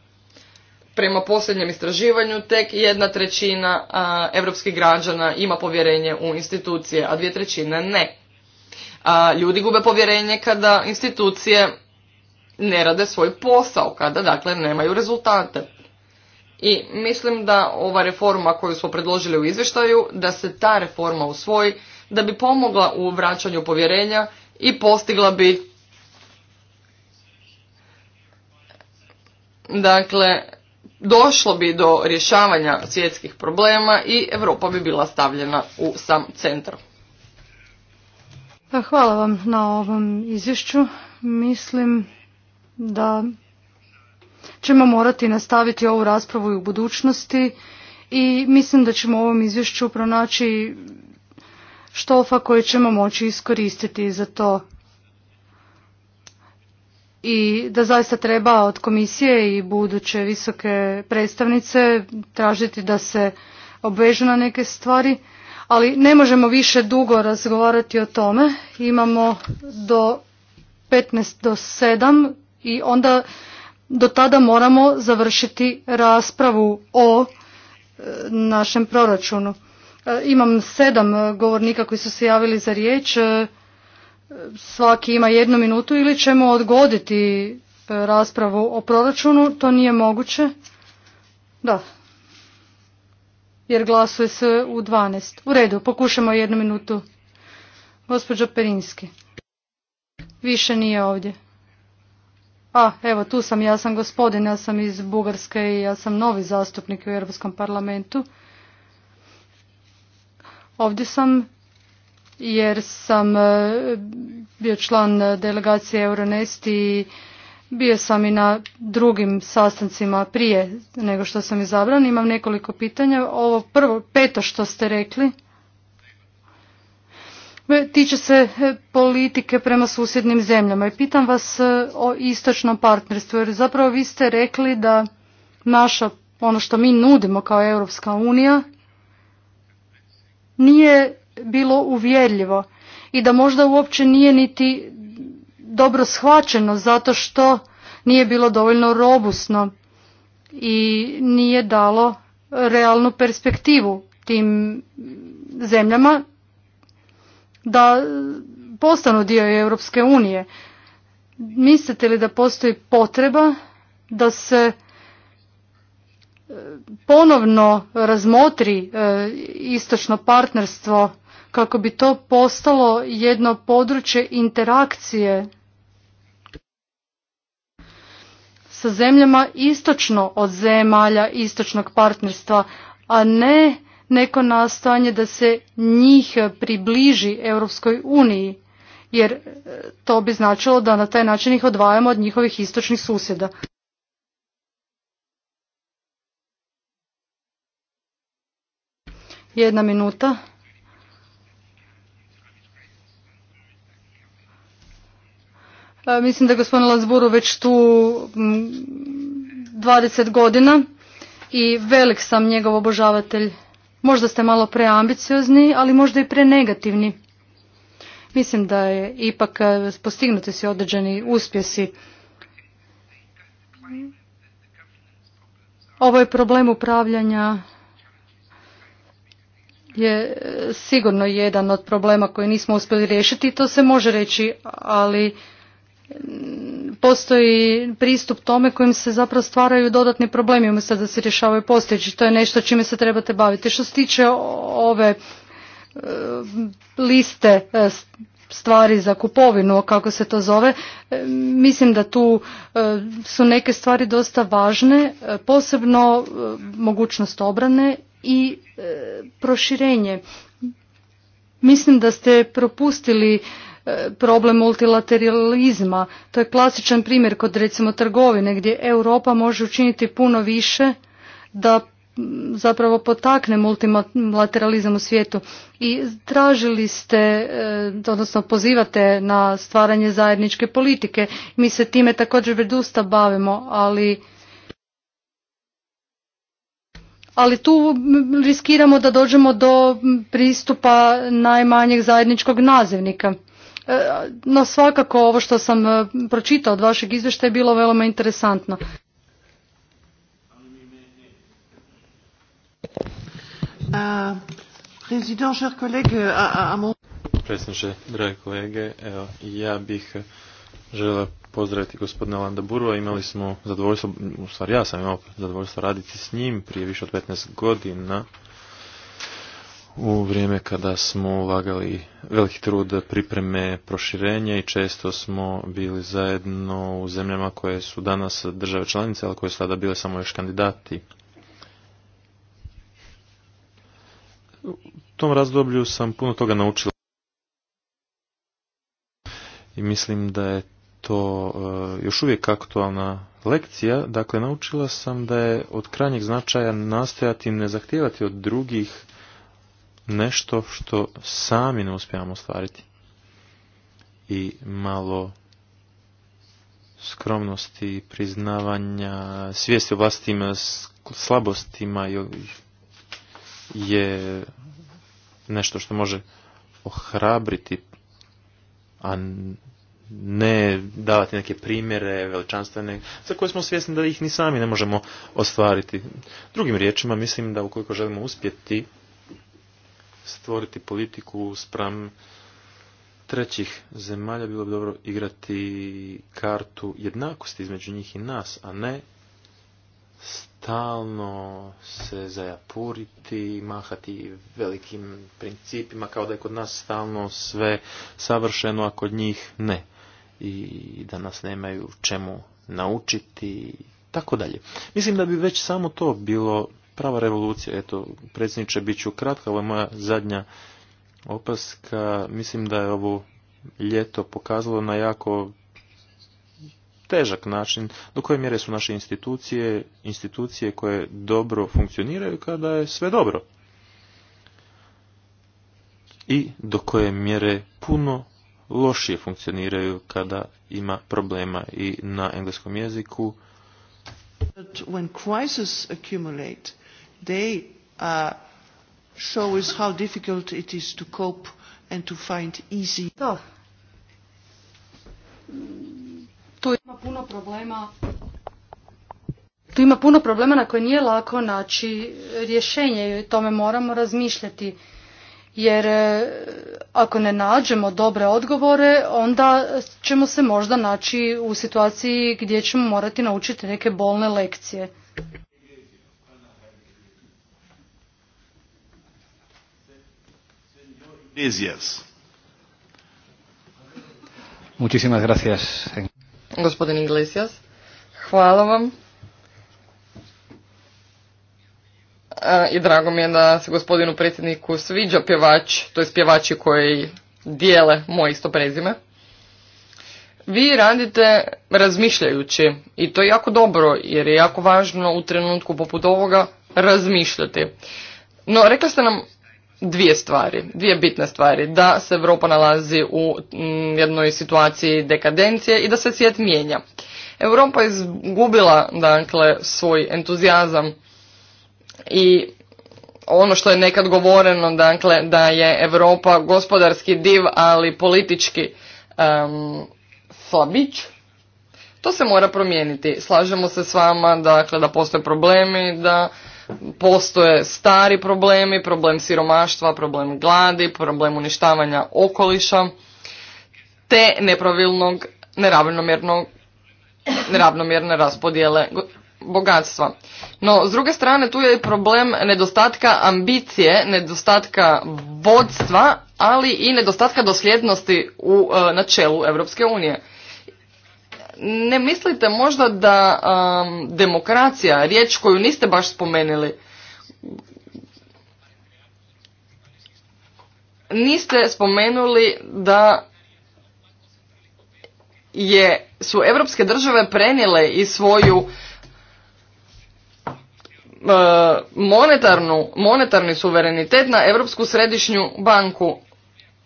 prema posljednjem istraživanju tek jedna trećina evropskih građana ima povjerenje u institucije, a dvije trećine ne. ljudi gube povjerenje kada institucije ne rade svoj posao, kada dakle nemaju rezultate. I mislim da ova reforma koju smo predložili u izvještaju, da se ta reforma usvoji, da bi pomogla u vraćanju povjerenja i postigla bi dakle došlo bi do rješavanja svjetskih problema i Europa bi bila stavljena u sam centar. Pa, hvala vam na ovom izvješću. Mislim da ćemo morati nastaviti ovu raspravu i u budućnosti i mislim da ćemo u ovom izvješću pronaći štofa koje ćemo moći iskoristiti za to i da zaista treba od komisije i buduće visoke predstavnice tražiti da se obvežu na neke stvari, ali ne možemo više dugo razgovarati o tome. Imamo do 15 do 7 i onda do tada moramo završiti raspravu o e, našem proračunu. E, imam sedam e, govornika koji su se javili za riječ svaki ima jednu minutu ili ćemo odgoditi e, raspravu o proračunu, to nije moguće. Da. Jer glasuje se u 12. U redu, pokušamo jednu minutu. Gospođo Perinski. Više nije ovdje. A, evo, tu sam, ja sam gospodin, ja sam iz Bugarske i ja sam novi zastupnik u Europskom parlamentu. Ovdje sam jer sam e, bio član delegacije Euronest i bio sam i na drugim sastancima prije nego što sam izabran. Imam nekoliko pitanja. Ovo prvo, peto što ste rekli, e, tiče se e, politike prema susjednim zemljama i pitam vas o istočnom partnerstvu jer zapravo vi ste rekli da naša ono što mi nudimo kao Europska unija nije bilo uvjerljivo i da možda uopće nije niti dobro shvaćeno zato što nije bilo dovoljno robusno i nije dalo realnu perspektivu tim zemljama da postanu dio Europske unije. Mislite li da postoji potreba da se e, ponovno razmotri e, istočno partnerstvo kako bi to postalo jedno područje interakcije sa zemljama istočno od zemalja istočnog partnerstva, a ne neko nastojanje da se njih približi Europskoj uniji, jer e, to bi značilo da na taj način ih odvajamo od njihovih istočnih susjeda. Jedna minuta. E, mislim da je gospodin Lazburu već tu 20 mm, godina i velik sam njegov obožavatelj. Možda ste malo preambiciozni, ali možda i prenegativni. Mislim da je ipak e, postignuti si određeni uspjesi. Ovo ovaj je problem upravljanja je e, sigurno jedan od problema koji nismo uspjeli riješiti i to se može reći, ali postoji pristup tome kojim se zapravo stvaraju dodatni problemi umjesto da se rješavaju postojeći. To je nešto čime se trebate baviti. Što se tiče ove e, liste e, stvari za kupovinu, kako se to zove, e, mislim da tu su neke stvari dosta važne, posebno mogućnost obrane i proširenje. Mislim da ste propustili E, problem multilateralizma. To je klasičan primjer kod recimo trgovine gdje Europa može učiniti puno više da zapravo potakne multilateralizam u svijetu i tražili ste, e, odnosno pozivate na stvaranje zajedničke politike. Mi se time također vredusta bavimo, ali ali tu riskiramo da dođemo do pristupa najmanjeg zajedničkog nazivnika. E, no svakako ovo što sam e, pročitao od vašeg izvještaja je bilo veoma interesantno. Predsjedniče, drage kolege, evo, ja bih želio pozdraviti gospodina Landa Burva. Imali smo zadovoljstvo, u stvari ja sam imao zadovoljstvo raditi s njim prije više od 15 godina u vrijeme kada smo ulagali veliki trud pripreme proširenja i često smo bili zajedno u zemljama koje su danas države članice, ali koje su tada bile samo još kandidati. U tom razdoblju sam puno toga naučila i mislim da je to e, još uvijek aktualna lekcija. Dakle, naučila sam da je od krajnjeg značaja nastojati ne zahtijevati od drugih nešto što sami ne uspijamo ostvariti. I malo skromnosti, priznavanja, svijesti o vlastitim slabostima je nešto što može ohrabriti, a ne davati neke primjere veličanstvene, za koje smo svjesni da ih ni sami ne možemo ostvariti. Drugim riječima, mislim da ukoliko želimo uspjeti stvoriti politiku spram trećih zemalja, bilo bi dobro igrati kartu jednakosti između njih i nas, a ne stalno se zajapuriti, mahati velikim principima, kao da je kod nas stalno sve savršeno, a kod njih ne. I da nas nemaju čemu naučiti tako dalje. Mislim da bi već samo to bilo prava revolucija. Eto, predsjedniče, bit ću kratka, ovo je moja zadnja opaska. Mislim da je ovo ljeto pokazalo na jako težak način do koje mjere su naše institucije, institucije koje dobro funkcioniraju kada je sve dobro. I do koje mjere puno lošije funkcioniraju kada ima problema i na engleskom jeziku. when crisis accumulate, they uh, show us how difficult it is to cope and to find easy. Tu ima puno problema tu ima puno problema na koje nije lako naći rješenje i tome moramo razmišljati. Jer e, ako ne nađemo dobre odgovore, onda ćemo se možda naći u situaciji gdje ćemo morati naučiti neke bolne lekcije. Iglesias. Muchísimas gracias. Gospodin Iglesias, hvala vam. E, I drago mi je da se gospodinu predsjedniku sviđa pjevač, to je pjevači koji dijele moje isto prezime. Vi radite razmišljajući i to je jako dobro jer je jako važno u trenutku poput ovoga razmišljati. No, rekli ste nam dvije stvari, dvije bitne stvari. Da se Europa nalazi u mm, jednoj situaciji dekadencije i da se svijet mijenja. Europa je izgubila dakle, svoj entuzijazam i ono što je nekad govoreno, dakle, da je Europa gospodarski div, ali politički um, slabić, to se mora promijeniti. Slažemo se s vama, dakle, da postoje problemi, da postoje stari problemi, problem siromaštva, problem gladi, problem uništavanja okoliša, te nepravilnog, neravnomjernog, neravnomjerne raspodjele bogatstva. No, s druge strane, tu je i problem nedostatka ambicije, nedostatka vodstva, ali i nedostatka dosljednosti u e, načelu Europske unije ne mislite možda da um, demokracija, riječ koju niste baš spomenuli, niste spomenuli da je, su europske države prenijele i svoju uh, monetarnu, monetarni suverenitet na Europsku središnju banku.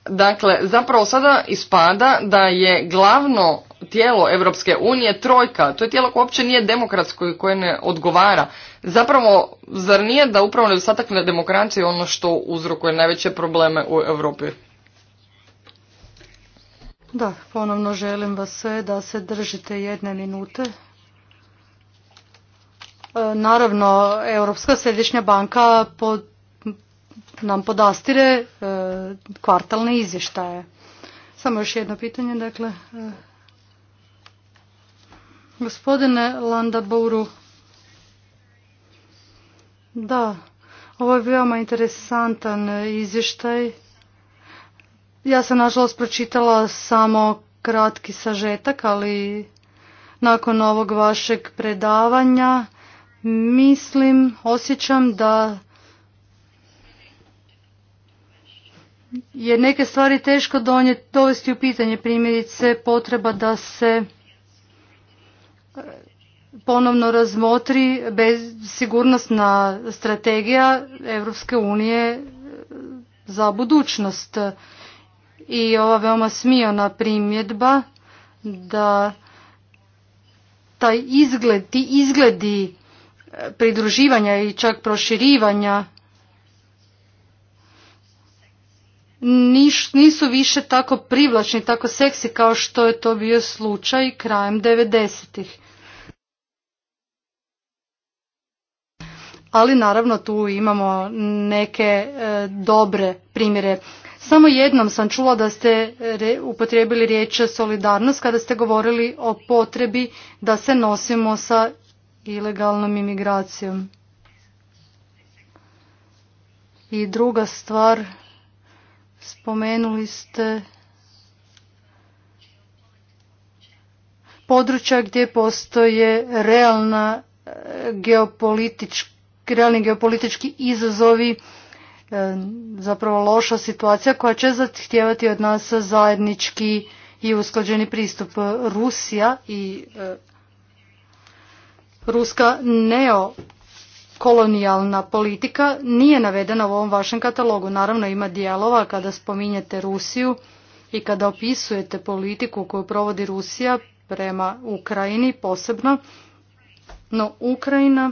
Dakle, zapravo sada ispada da je glavno tijelo Europske unije trojka, to je tijelo koje uopće nije demokratsko i koje ne odgovara. Zapravo, zar nije da upravo nedostatak na demokraciji ono što uzrokuje najveće probleme u Europi? Da, ponovno želim vas sve da se držite jedne minute. E, naravno, Europska središnja banka nam podastire e, kvartalne izvještaje. Samo još jedno pitanje, dakle, e, Gospodine Landaboru, da, ovo je veoma interesantan izvještaj. Ja sam nažalost pročitala samo kratki sažetak, ali nakon ovog vašeg predavanja mislim, osjećam da je neke stvari teško donijeti, dovesti u pitanje primjerice potreba da se ponovno razmotri bez strategija Europske unije e, za budućnost. I ova veoma smijona primjedba da taj izgled, ti izgledi e, pridruživanja i čak proširivanja nisu više tako privlačni, tako seksi kao što je to bio slučaj krajem 90-ih. Ali naravno tu imamo neke e, dobre primjere. Samo jednom sam čula da ste re, upotrijebili riječ solidarnost kada ste govorili o potrebi da se nosimo sa ilegalnom imigracijom. I druga stvar spomenuli ste područja gdje postoje realna e, realni geopolitički izazovi e, zapravo loša situacija koja će zahtijevati od nas zajednički i usklađeni pristup Rusija i e, ruska neo kolonijalna politika nije navedena u ovom vašem katalogu. Naravno ima dijelova kada spominjete Rusiju i kada opisujete politiku koju provodi Rusija prema Ukrajini posebno. No Ukrajina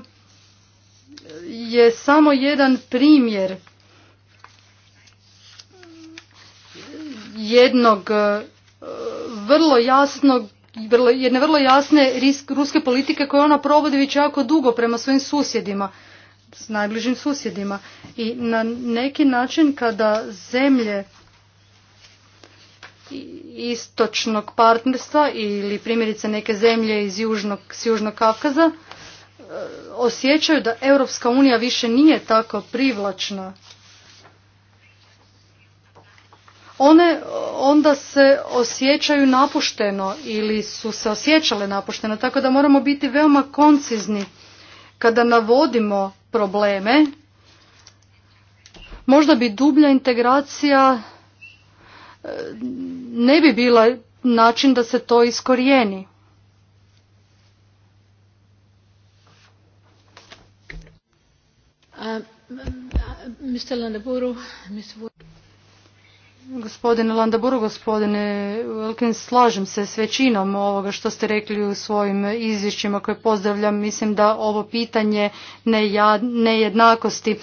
je samo jedan primjer jednog eh, vrlo jasnog jedne vrlo jasne risk, ruske politike koje ona provodi već jako dugo prema svojim susjedima, s najbližim susjedima. I na neki način kada zemlje istočnog partnerstva ili primjerice neke zemlje iz Južnog, s e, osjećaju da Europska unija više nije tako privlačna one e, onda se osjećaju napušteno ili su se osjećale napušteno, tako da moramo biti veoma koncizni kada navodimo probleme. Možda bi dublja integracija e, ne bi bila način da se to iskorijeni. Mr. Landaburu, Mr. Gospodine Landaburu, gospodine Wilkins, slažem se s većinom ovoga što ste rekli u svojim izvješćima koje pozdravljam. Mislim da ovo pitanje nejednakosti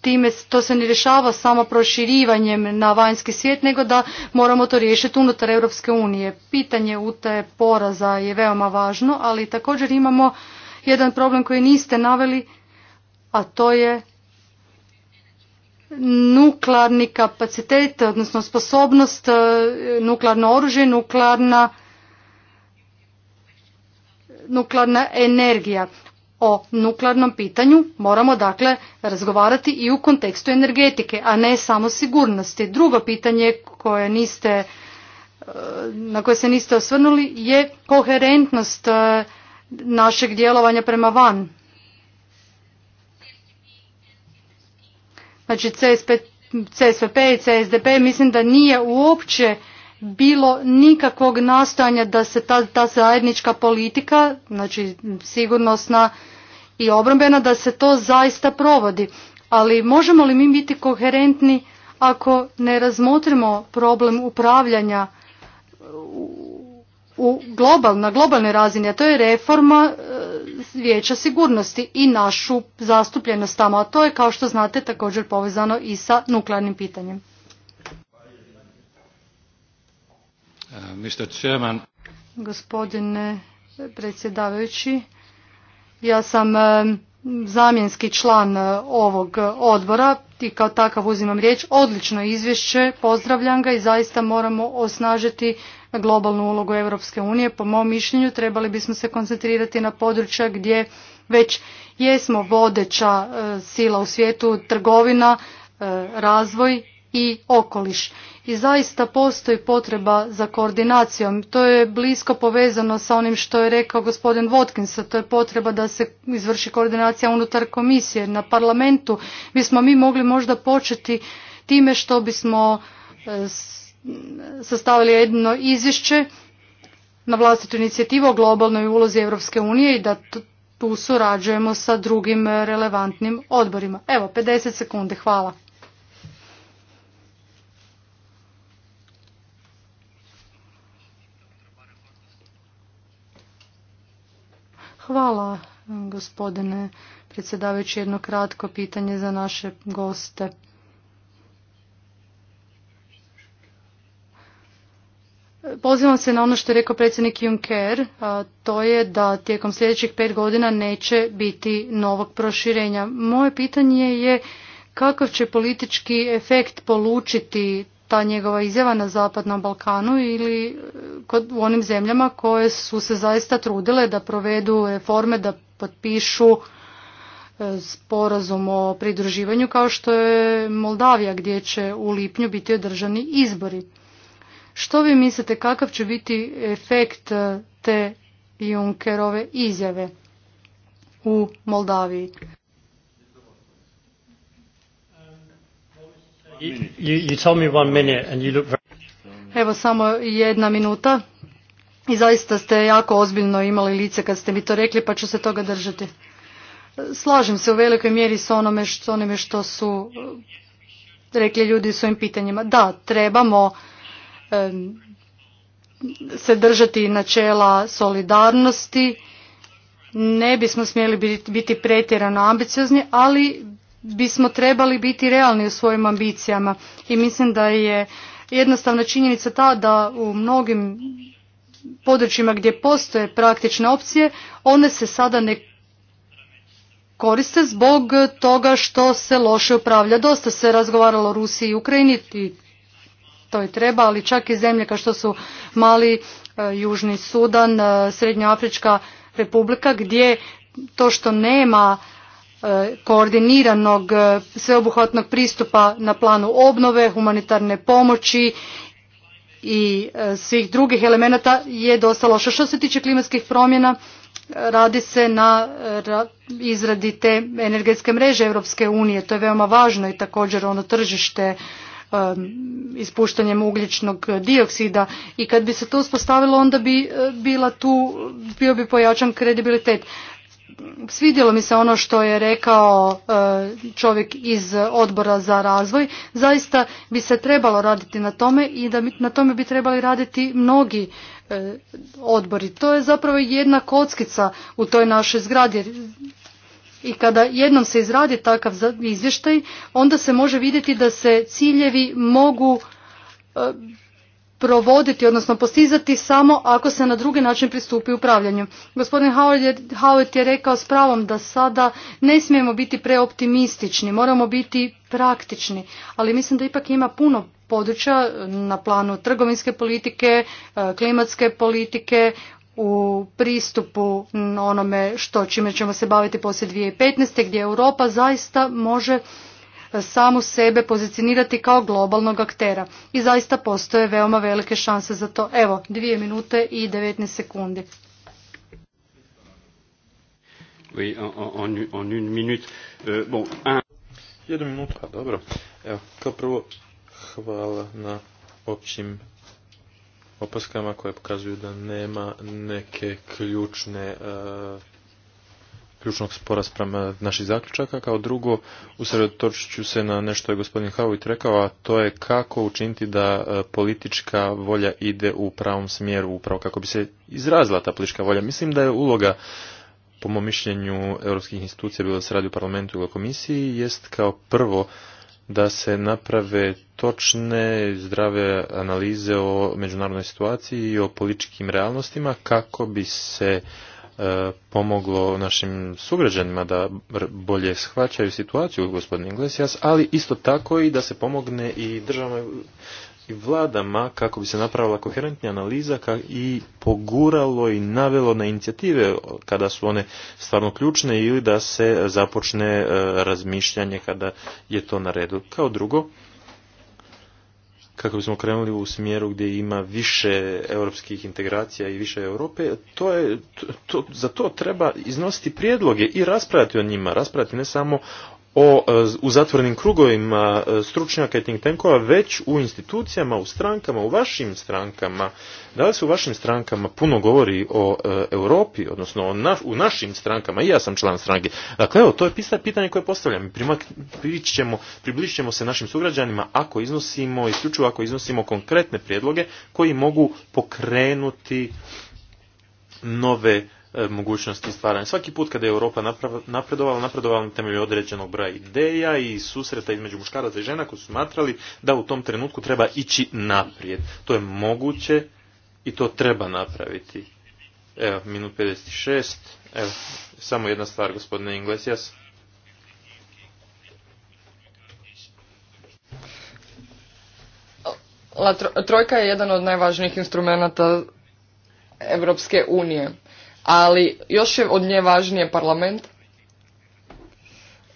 time to se ne rješava samo proširivanjem na vanjski svijet, nego da moramo to riješiti unutar Europske unije. Pitanje utaje poraza je veoma važno, ali također imamo jedan problem koji niste naveli, a to je nuklearni kapacitet, odnosno sposobnost, e, nuklearno oružje, nuklearna, nuklearna energija. O nuklearnom pitanju moramo dakle razgovarati i u kontekstu energetike, a ne samo sigurnosti. Drugo pitanje koje niste, e, na koje se niste osvrnuli je koherentnost e, našeg djelovanja prema van. znači CSP, i CSDP, mislim da nije uopće bilo nikakvog nastojanja da se ta, ta zajednička politika, znači sigurnosna i obrambena, da se to zaista provodi. Ali možemo li mi biti koherentni ako ne razmotrimo problem upravljanja u global, na globalnoj razini, a to je reforma e, vijeća sigurnosti i našu zastupljenost tamo, a to je kao što znate također povezano i sa nuklearnim pitanjem. E, Gospodine predsjedavajući, ja sam e, zamjenski član ovog odbora i kao takav uzimam riječ. Odlično izvješće, pozdravljam ga i zaista moramo osnažiti globalnu ulogu Europske unije. Po mom mišljenju trebali bismo se koncentrirati na područja gdje već jesmo vodeća e, sila u svijetu, trgovina, e, razvoj i okoliš. I zaista postoji potreba za koordinacijom. To je blisko povezano sa onim što je rekao gospodin votkins to je potreba da se izvrši koordinacija unutar komisije. Na parlamentu bismo mi mogli možda početi time što bismo e, sastavili jedno izvješće na vlastitu inicijativu o globalnoj ulozi Europske unije i da tu surađujemo sa drugim relevantnim odborima. Evo, 50 sekundi, hvala. Hvala, gospodine predsjedavajući. Jedno kratko pitanje za naše goste. Pozivam se na ono što je rekao predsjednik Juncker, to je da tijekom sljedećih pet godina neće biti novog proširenja. Moje pitanje je kakav će politički efekt polučiti ta njegova izjava na Zapadnom Balkanu ili e, kod, u onim zemljama koje su se zaista trudile da provedu reforme, da potpišu e, sporazum o pridruživanju kao što je Moldavija gdje će u lipnju biti održani izbori. Što vi mislite kakav će biti efekt e, te Junkerove izjave u Moldaviji? Evo samo jedna minuta. I zaista ste jako ozbiljno imali lice kad ste mi to rekli, pa ću se toga držati. E, slažem se u velikoj mjeri s onome što, što su e, rekli ljudi u svojim pitanjima. Da, trebamo se držati načela solidarnosti. Ne bismo smjeli biti pretjerano ambiciozni, ali bismo trebali biti realni u svojim ambicijama. I mislim da je jednostavna činjenica ta da u mnogim područjima gdje postoje praktične opcije, one se sada ne koriste zbog toga što se loše upravlja. Dosta se razgovaralo o Rusiji i Ukrajini i to i treba, ali čak i zemlje kao što su Mali, e, Južni Sudan, e, Srednjoafrička republika gdje to što nema e, koordiniranog sveobuhvatnog pristupa na planu obnove, humanitarne pomoći i svih drugih elemenata je dosta loše. Što se tiče klimatskih promjena, radi se na izradi te energetske mreže Europske unije. To je veoma važno i također ono tržište Um, ispuštanjem ugljičnog dioksida i kad bi se to uspostavilo onda bi uh, bila tu, bio bi pojačan kredibilitet. Svidjelo mi se ono što je rekao uh, čovjek iz odbora za razvoj. Zaista bi se trebalo raditi na tome i da na tome bi trebali raditi mnogi uh, odbori. To je zapravo jedna kockica u toj našoj zgradi i kada jednom se izradi takav izvještaj, onda se može vidjeti da se ciljevi mogu e, provoditi, odnosno postizati samo ako se na drugi način pristupi upravljanju. Gospodin Howard je rekao s pravom da sada ne smijemo biti preoptimistični, moramo biti praktični, ali mislim da ipak ima puno područja na planu trgovinske politike, e, klimatske politike, u pristupu onome što čime ćemo se baviti poslije 2015. gdje Europa zaista može e, samu sebe pozicionirati kao globalnog aktera. I zaista postoje veoma velike šanse za to. Evo, dvije minute i 19 sekundi. Jednu minutu, pa dobro. Evo, kao prvo, hvala na općim opaskama koje pokazuju da nema neke ključne e, ključnog spora sprem e, naših zaključaka. Kao drugo, usredotočit ću se na nešto je gospodin Havit rekao, a to je kako učiniti da e, politička volja ide u pravom smjeru, upravo kako bi se izrazila ta politička volja. Mislim da je uloga po mom mišljenju europskih institucija, bilo da se radi u parlamentu ili komisiji, jest kao prvo da se naprave točne, zdrave analize o međunarodnoj situaciji i o političkim realnostima kako bi se e, pomoglo našim sugrađanima da bolje shvaćaju situaciju gospodin Iglesias, ali isto tako i da se pomogne i državnoj vladama kako bi se napravila koherentna analiza i poguralo i navelo na inicijative kada su one stvarno ključne ili da se započne e, razmišljanje kada je to na redu. Kao drugo, kako bismo krenuli u smjeru gdje ima više europskih integracija i više Europe, to je, to, za to treba iznositi prijedloge i raspravljati o njima, raspravljati ne samo o, e, u zatvorenim krugovima e, stručnjaka i think tankova, već u institucijama, u strankama, u vašim strankama. Da li se u vašim strankama puno govori o e, Europi, odnosno u našim strankama, i ja sam član stranke. Dakle, evo, to je pitanje koje postavljam. Ćemo, približit ćemo se našim sugrađanima ako iznosimo, isključivo ako iznosimo konkretne prijedloge koji mogu pokrenuti nove E, mogućnosti stvaranja. Svaki put kada je Europa napredovala, napredovala na temelju određenog broja ideja i susreta između muškaraca i žena koji su smatrali da u tom trenutku treba ići naprijed. To je moguće i to treba napraviti. Evo, minut 56. Evo, samo jedna stvar, gospodine Inglesijas. Trojka je jedan od najvažnijih instrumenta Evropske unije ali još je od nje važnije parlament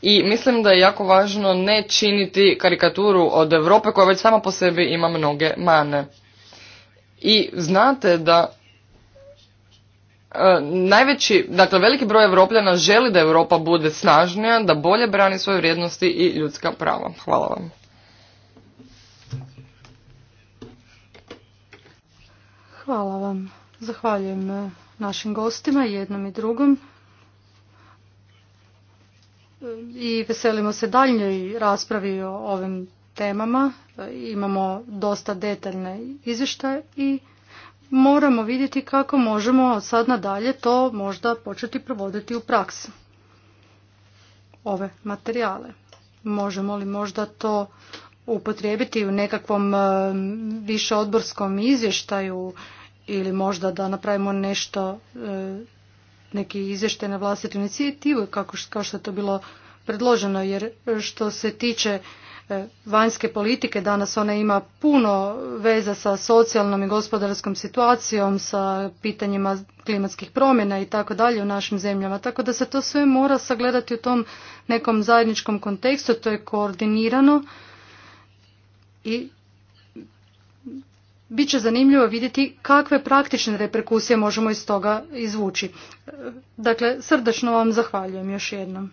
i mislim da je jako važno ne činiti karikaturu od Europe koja već sama po sebi ima mnoge mane. I znate da e, najveći, dakle veliki broj Evropljana želi da Europa bude snažnija, da bolje brani svoje vrijednosti i ljudska prava. Hvala vam. Hvala vam. Zahvaljujem e, našim gostima, jednom i drugom. I veselimo se daljnjoj raspravi o ovim temama. Imamo dosta detaljne izvještaje i moramo vidjeti kako možemo od sad nadalje to možda početi provoditi u praksi. Ove materijale. Možemo li možda to upotrijebiti u nekakvom e, više odborskom izvještaju ili možda da napravimo nešto, e, neki izvještaj na vlastitu inicijativu kako, kao što je to bilo predloženo, jer što se tiče e, vanjske politike, danas ona ima puno veza sa socijalnom i gospodarskom situacijom, sa pitanjima klimatskih promjena i tako dalje u našim zemljama. Tako da se to sve mora sagledati u tom nekom zajedničkom kontekstu, to je koordinirano i bit će zanimljivo vidjeti kakve praktične reperkusije možemo iz toga izvući. Dakle, srdečno vam zahvaljujem još jednom.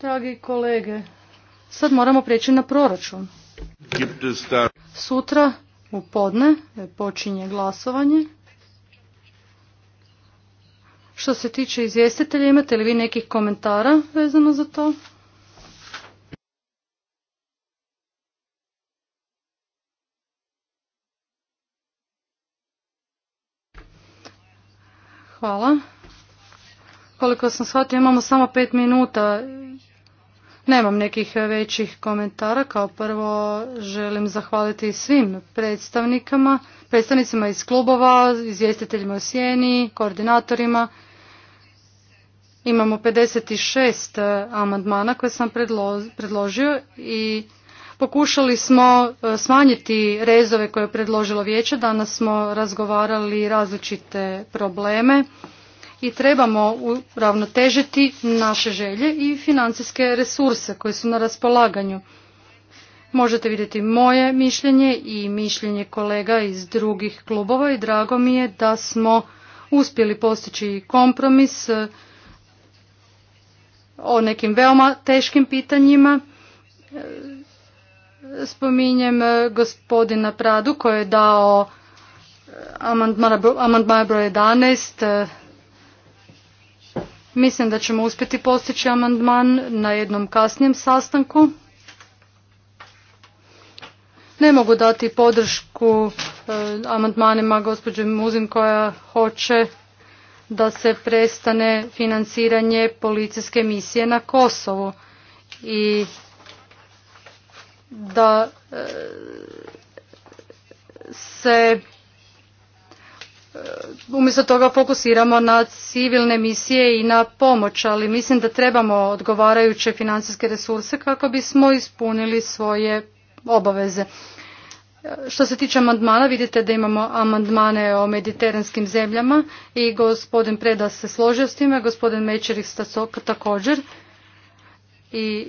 Dragi kolege, sad moramo prijeći na proračun. Sutra u podne počinje glasovanje. Što se tiče izvjestitelja, imate li vi nekih komentara vezano za to? Hvala. Koliko sam shvatio, imamo samo pet minuta. Nemam nekih većih komentara. Kao prvo želim zahvaliti svim predstavnikama, predstavnicima iz klubova, izvjestiteljima u sjeni, koordinatorima Imamo 56 e, amandmana koje sam predložio i pokušali smo e, smanjiti rezove koje je predložilo vijeće. Danas smo razgovarali različite probleme i trebamo uravnotežiti naše želje i financijske resurse koje su na raspolaganju. Možete vidjeti moje mišljenje i mišljenje kolega iz drugih klubova i drago mi je da smo uspjeli postići kompromis e, o nekim veoma teškim pitanjima. E, spominjem e, gospodina Pradu koji je dao e, amandman broj 11. Mislim da ćemo uspjeti postići amandman na jednom kasnijem sastanku. Ne mogu dati podršku amandmanima gospođe Muzin koja hoće da se prestane financiranje policijske misije na Kosovu i da e, se e, umjesto toga fokusiramo na civilne misije i na pomoć, ali mislim da trebamo odgovarajuće financijske resurse kako bismo ispunili svoje obaveze. Što se tiče amandmana, vidite da imamo amandmane o mediteranskim zemljama i gospodin Preda se složio s time, gospodin Mečerik također i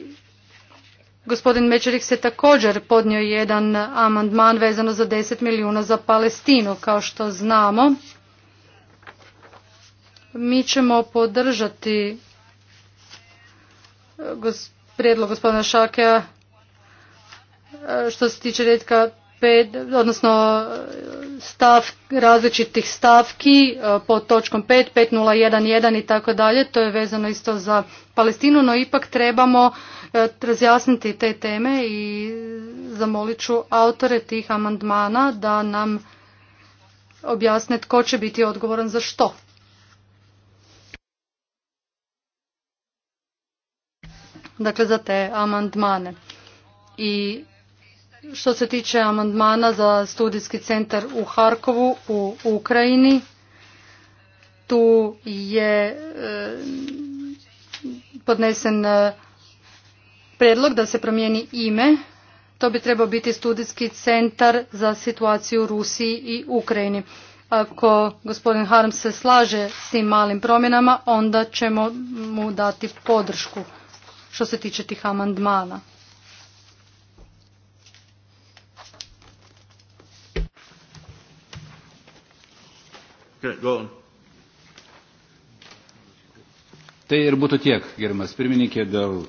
gospodin Mečerik se također podnio jedan amandman vezano za 10 milijuna za Palestinu, kao što znamo. Mi ćemo podržati eh, prijedlog gospodina Šakea eh, što se tiče redka pet odnosno stav, različitih stavki e, pod točkom 5, 5011 i tako dalje, to je vezano isto za Palestinu, no ipak trebamo e, razjasniti te teme i zamolit ću autore tih amandmana da nam objasne tko će biti odgovoran za što. Dakle, za te amandmane. I što se tiče amandmana za studijski centar u Harkovu u Ukrajini, tu je e, podnesen e, predlog da se promijeni ime. To bi trebao biti studijski centar za situaciju u Rusiji i Ukrajini. Ako gospodin Harm se slaže s tim malim promjenama, onda ćemo mu dati podršku što se tiče tih amandmana. go on. Tai ir būtų tiek, gerimas pirmininkė, dėl...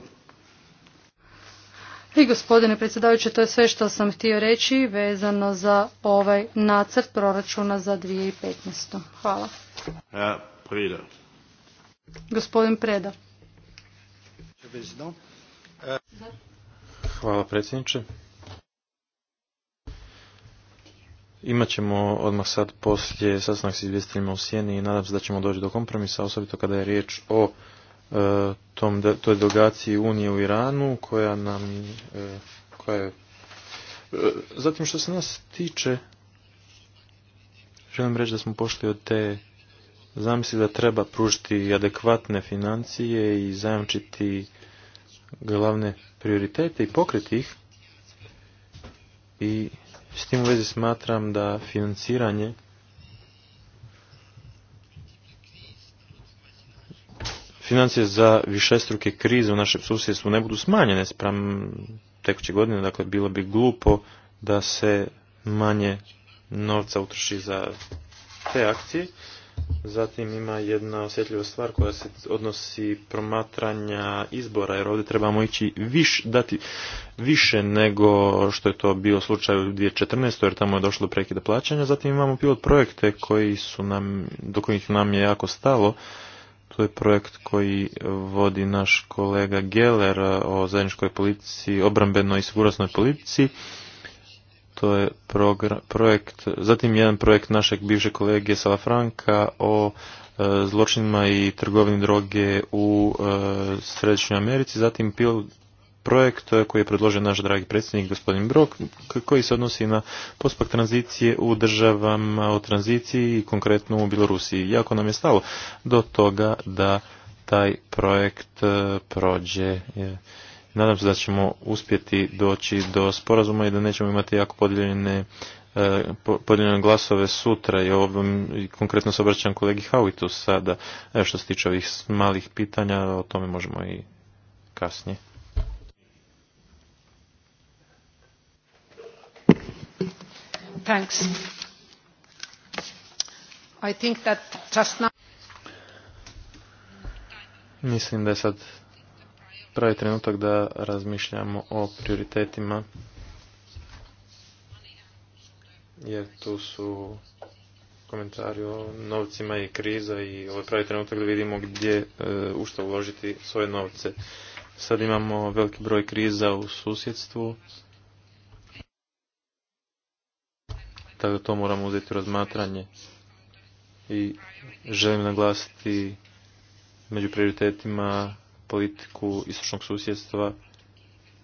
I gospodine predsjedavajući, to je sve što sam htio reći vezano za ovaj nacrt proračuna za 2015. Hvala. Ja, preda. Gospodin Preda. Hvala predsjedniče. Imat ćemo odmah sad poslije sastanak s izvjestiteljima u Sjeni i nadam se da ćemo doći do kompromisa, osobito kada je riječ o e, tom, toj delegaciji Unije u Iranu koja nam e, koja je... E, zatim što se nas tiče želim reći da smo pošli od te zamisli da treba pružiti adekvatne financije i zajamčiti glavne prioritete i pokriti ih i s tim u vezi smatram da financiranje financije za višestruke krize u našem susjedstvu ne budu smanjene spram tekuće godine, dakle bilo bi glupo da se manje novca utroši za te akcije. Zatim ima jedna osjetljiva stvar koja se odnosi promatranja izbora, jer ovdje trebamo ići viš, dati više nego što je to bio slučaj u 2014. jer tamo je došlo do prekida plaćanja. Zatim imamo pilot projekte koji su nam, do kojih nam je jako stalo. To je projekt koji vodi naš kolega Geller o zajedničkoj politici, obrambenoj i sigurnosnoj politici to je projekt, zatim jedan projekt našeg bivšeg kolege Franka o e, zločinima i trgovini droge u e, Središnjoj Americi, zatim pil, projekt koji je predložen naš dragi predsjednik gospodin Brok, koji se odnosi na pospak tranzicije u državama o tranziciji i konkretno u Bjelorusiji. Jako nam je stalo do toga da taj projekt e, prođe. Je Nadam se da ćemo uspjeti doći do sporazuma i da nećemo imati jako podijeljene e, podijeljene glasove sutra i konkretno se obraćam kolegi Hauitu sada što se tiče ovih malih pitanja o tome možemo i kasnije Mislim da je sad pravi trenutak da razmišljamo o prioritetima jer tu su komentari o novcima i kriza i ovaj pravi trenutak da vidimo gdje e, u što uložiti svoje novce. Sad imamo veliki broj kriza u susjedstvu. Tako da to moramo uzeti u razmatranje. I želim naglasiti među prioritetima politiku istočnog susjedstva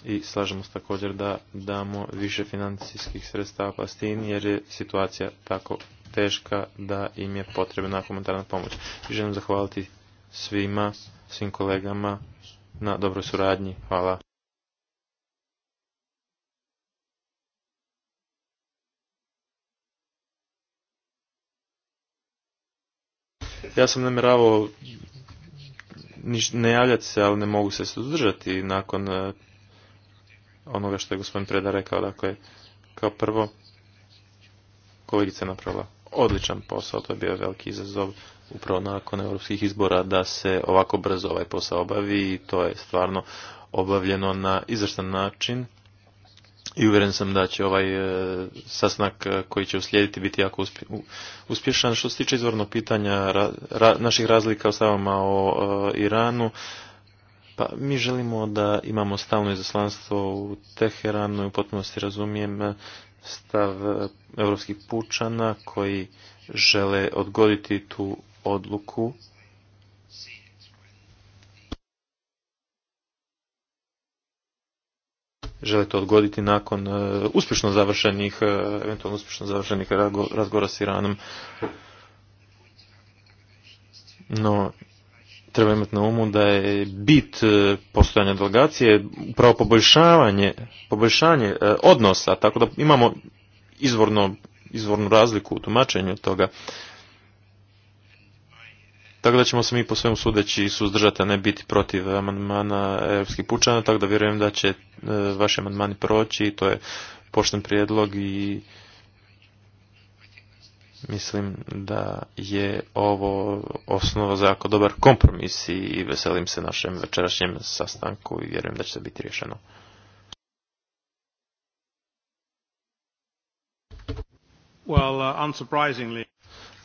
i slažemo se također da damo više financijskih sredstava Palestini jer je situacija tako teška da im je potrebna komentarna pomoć. želim zahvaliti svima, svim kolegama na dobroj suradnji. Hvala. Ja sam namjeravao niš, ne javljati se, ali ne mogu se suzdržati nakon e, onoga što je gospodin Preda rekao. Dakle, kao prvo, kolegica je napravila odličan posao, to je bio veliki izazov upravo nakon europskih izbora da se ovako brzo ovaj posao obavi i to je stvarno obavljeno na izvrstan način i uvjeren sam da će ovaj e, sastanak e, koji će uslijediti biti jako uspješan. Što se tiče izvornog pitanja naših razlika u stavama o e, Iranu, pa mi želimo da imamo stalno izaslanstvo u Teheranu i u potpunosti razumijem stav europskih pučana koji žele odgoditi tu odluku Želite odgoditi nakon e, uspješno završenih, e, eventualno uspješno završenih razgovora s Iranom. No, treba imati na umu da je bit e, postojanja delegacije upravo poboljšavanje, poboljšanje odnosa, tako da imamo izvorno, izvornu razliku u tumačenju toga. Tako da ćemo se mi po svemu sudeći suzdržati, a ne biti protiv amandmana europskih pučana, tako da vjerujem da će e, vaši amandmani proći, to je pošten prijedlog i mislim da je ovo osnova za jako dobar kompromis i veselim se našem večerašnjem sastanku i vjerujem da će se biti rješeno. Well, uh, unsurprisingly.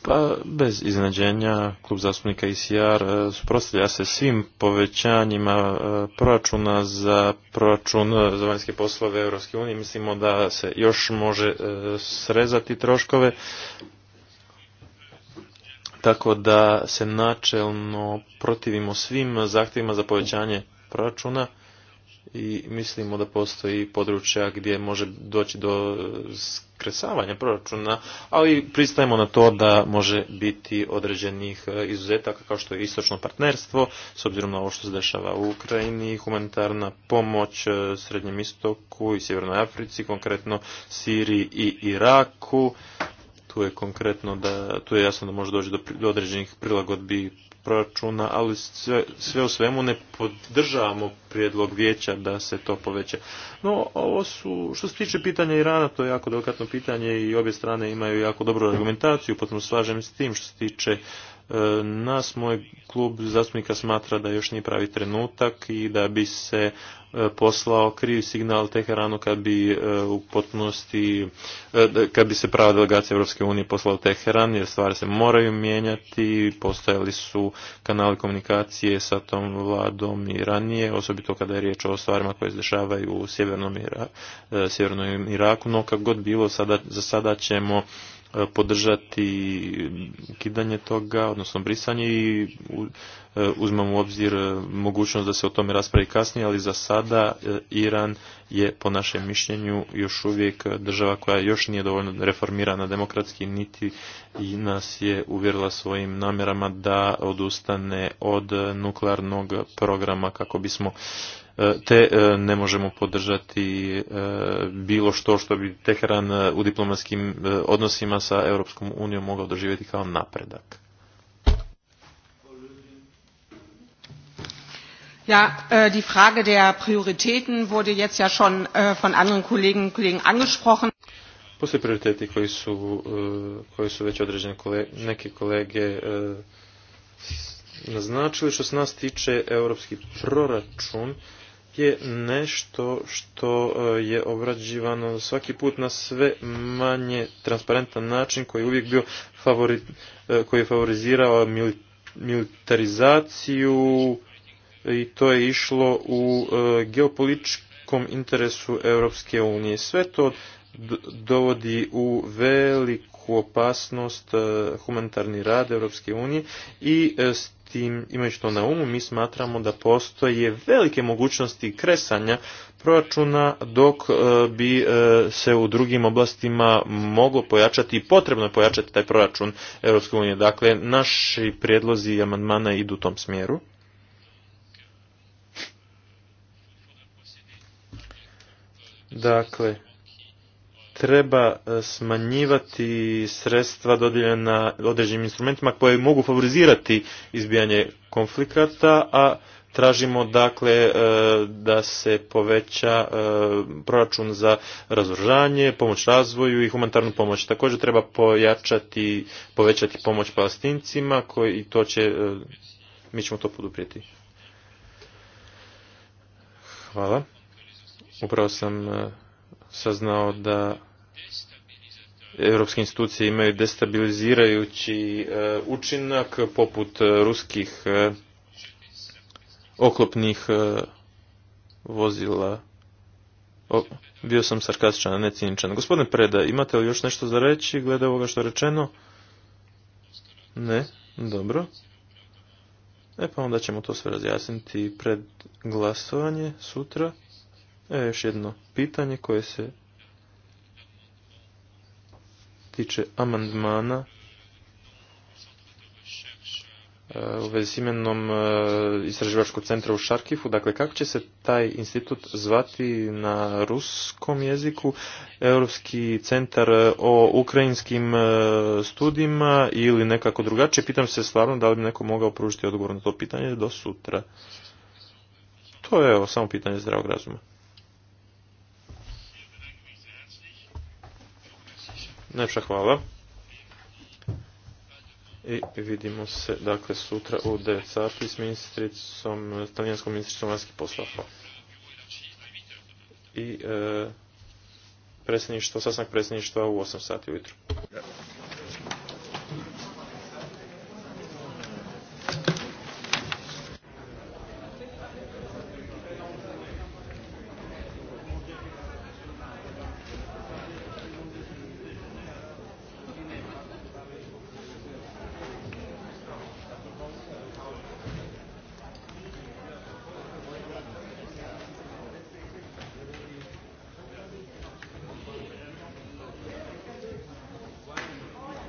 Pa bez iznenađenja klub zastupnika ICR e e, suprotstavlja se svim povećanjima e, proračuna za proračun za vanjske poslove Europske unije. Mislimo da se još može srezati troškove tako da se načelno protivimo svim zahtjevima za povećanje proračuna i mislimo da postoji područja gdje može doći do e, skresavanja proračuna, ali pristajemo na to da može biti određenih e, izuzetaka kao što je istočno partnerstvo, s obzirom na ovo što se dešava u Ukrajini, humanitarna pomoć e, Srednjem istoku i Sjevernoj Africi, konkretno Siriji i Iraku. Tu je konkretno da, tu je jasno da može doći do, do određenih prilagodbi proračuna, ali sve, sve u svemu ne podržavamo prijedlog vijeća da se to poveća. No, ovo su, što se tiče pitanja Irana, to je jako delikatno pitanje i obje strane imaju jako dobru argumentaciju, potom slažem s tim što se tiče E, nas moj klub zastupnika smatra da još nije pravi trenutak i da bi se e, poslao krivi signal Teheranu kad bi e, u potpunosti kad bi se prava delegacija Europske unije poslao Teheran jer stvari se moraju mijenjati postojali su kanali komunikacije sa tom vladom i ranije osobito kada je riječ o stvarima koje se dešavaju u sjevernom, sjevernom Iraku no kako god bilo sada, za sada ćemo E, podržati kidanje toga, odnosno brisanje i e, uzmemo u obzir e, mogućnost da se o tome raspravi kasnije, ali za sada Iran je po našem mišljenju još uvijek država koja još nije dovoljno reformirana demokratski niti i nas je uvjerila svojim namjerama da odustane od nuklearnog programa kako bismo E, te e, ne možemo podržati e, bilo što što bi Teheran u diplomatskim odnosima sa Europskom unijom mogao doživjeti kao napredak. Ja, die Frage der Prioritäten wurde jetzt ja schon von anderen Kollegen, Kollegen angesprochen. prioriteti koji su, koji su već određene neke kolege naznačili što se nas tiče europski proračun je nešto što e, je obrađivano svaki put na sve manje transparentan način koji je uvijek bio e, koji je favorizirao militarizaciju i to je išlo u e, geopolitičkom interesu Europske unije. Sve to dovodi u veliku opasnost humanitarni rad Europske unije i tim, imajući to na umu, mi smatramo da postoje velike mogućnosti kresanja proračuna dok e, bi e, se u drugim oblastima moglo pojačati i potrebno je pojačati taj proračun EU. Dakle, naši prijedlozi i amandmana idu u tom smjeru. Dakle, treba e, smanjivati sredstva dodijeljena određenim instrumentima koje mogu favorizirati izbijanje konflikata, a tražimo dakle e, da se poveća e, proračun za razoružanje, pomoć razvoju i humanitarnu pomoć. Također treba pojačati, povećati pomoć palestincima koji to će, mi ćemo to poduprijeti. Hvala. Upravo sam saznao da europske institucije imaju destabilizirajući e, učinak poput e, ruskih e, oklopnih vozila. bio sam sarkastičan, a ne ciničan. Gospodine Preda, imate li još nešto za reći glede ovoga što je rečeno? Ne, dobro. E pa onda ćemo to sve razjasniti pred glasovanje sutra. E, još jedno pitanje koje se tiče amandmana e, u vezi s imenom e, istraživačkog centra u Šarkifu. Dakle, kako će se taj institut zvati na ruskom jeziku? Europski centar e, o ukrajinskim studijima ili nekako drugačije? Pitam se stvarno da li bi neko mogao pružiti odgovor na to pitanje do sutra. To je evo, samo pitanje zdravog razuma. Najpša hvala. I vidimo se dakle sutra u 9 sati s ministricom, talijanskom ministricom vanjskih poslova. I e, predsjedništvo, sasnak predsjedništva u 8 sati ujutro.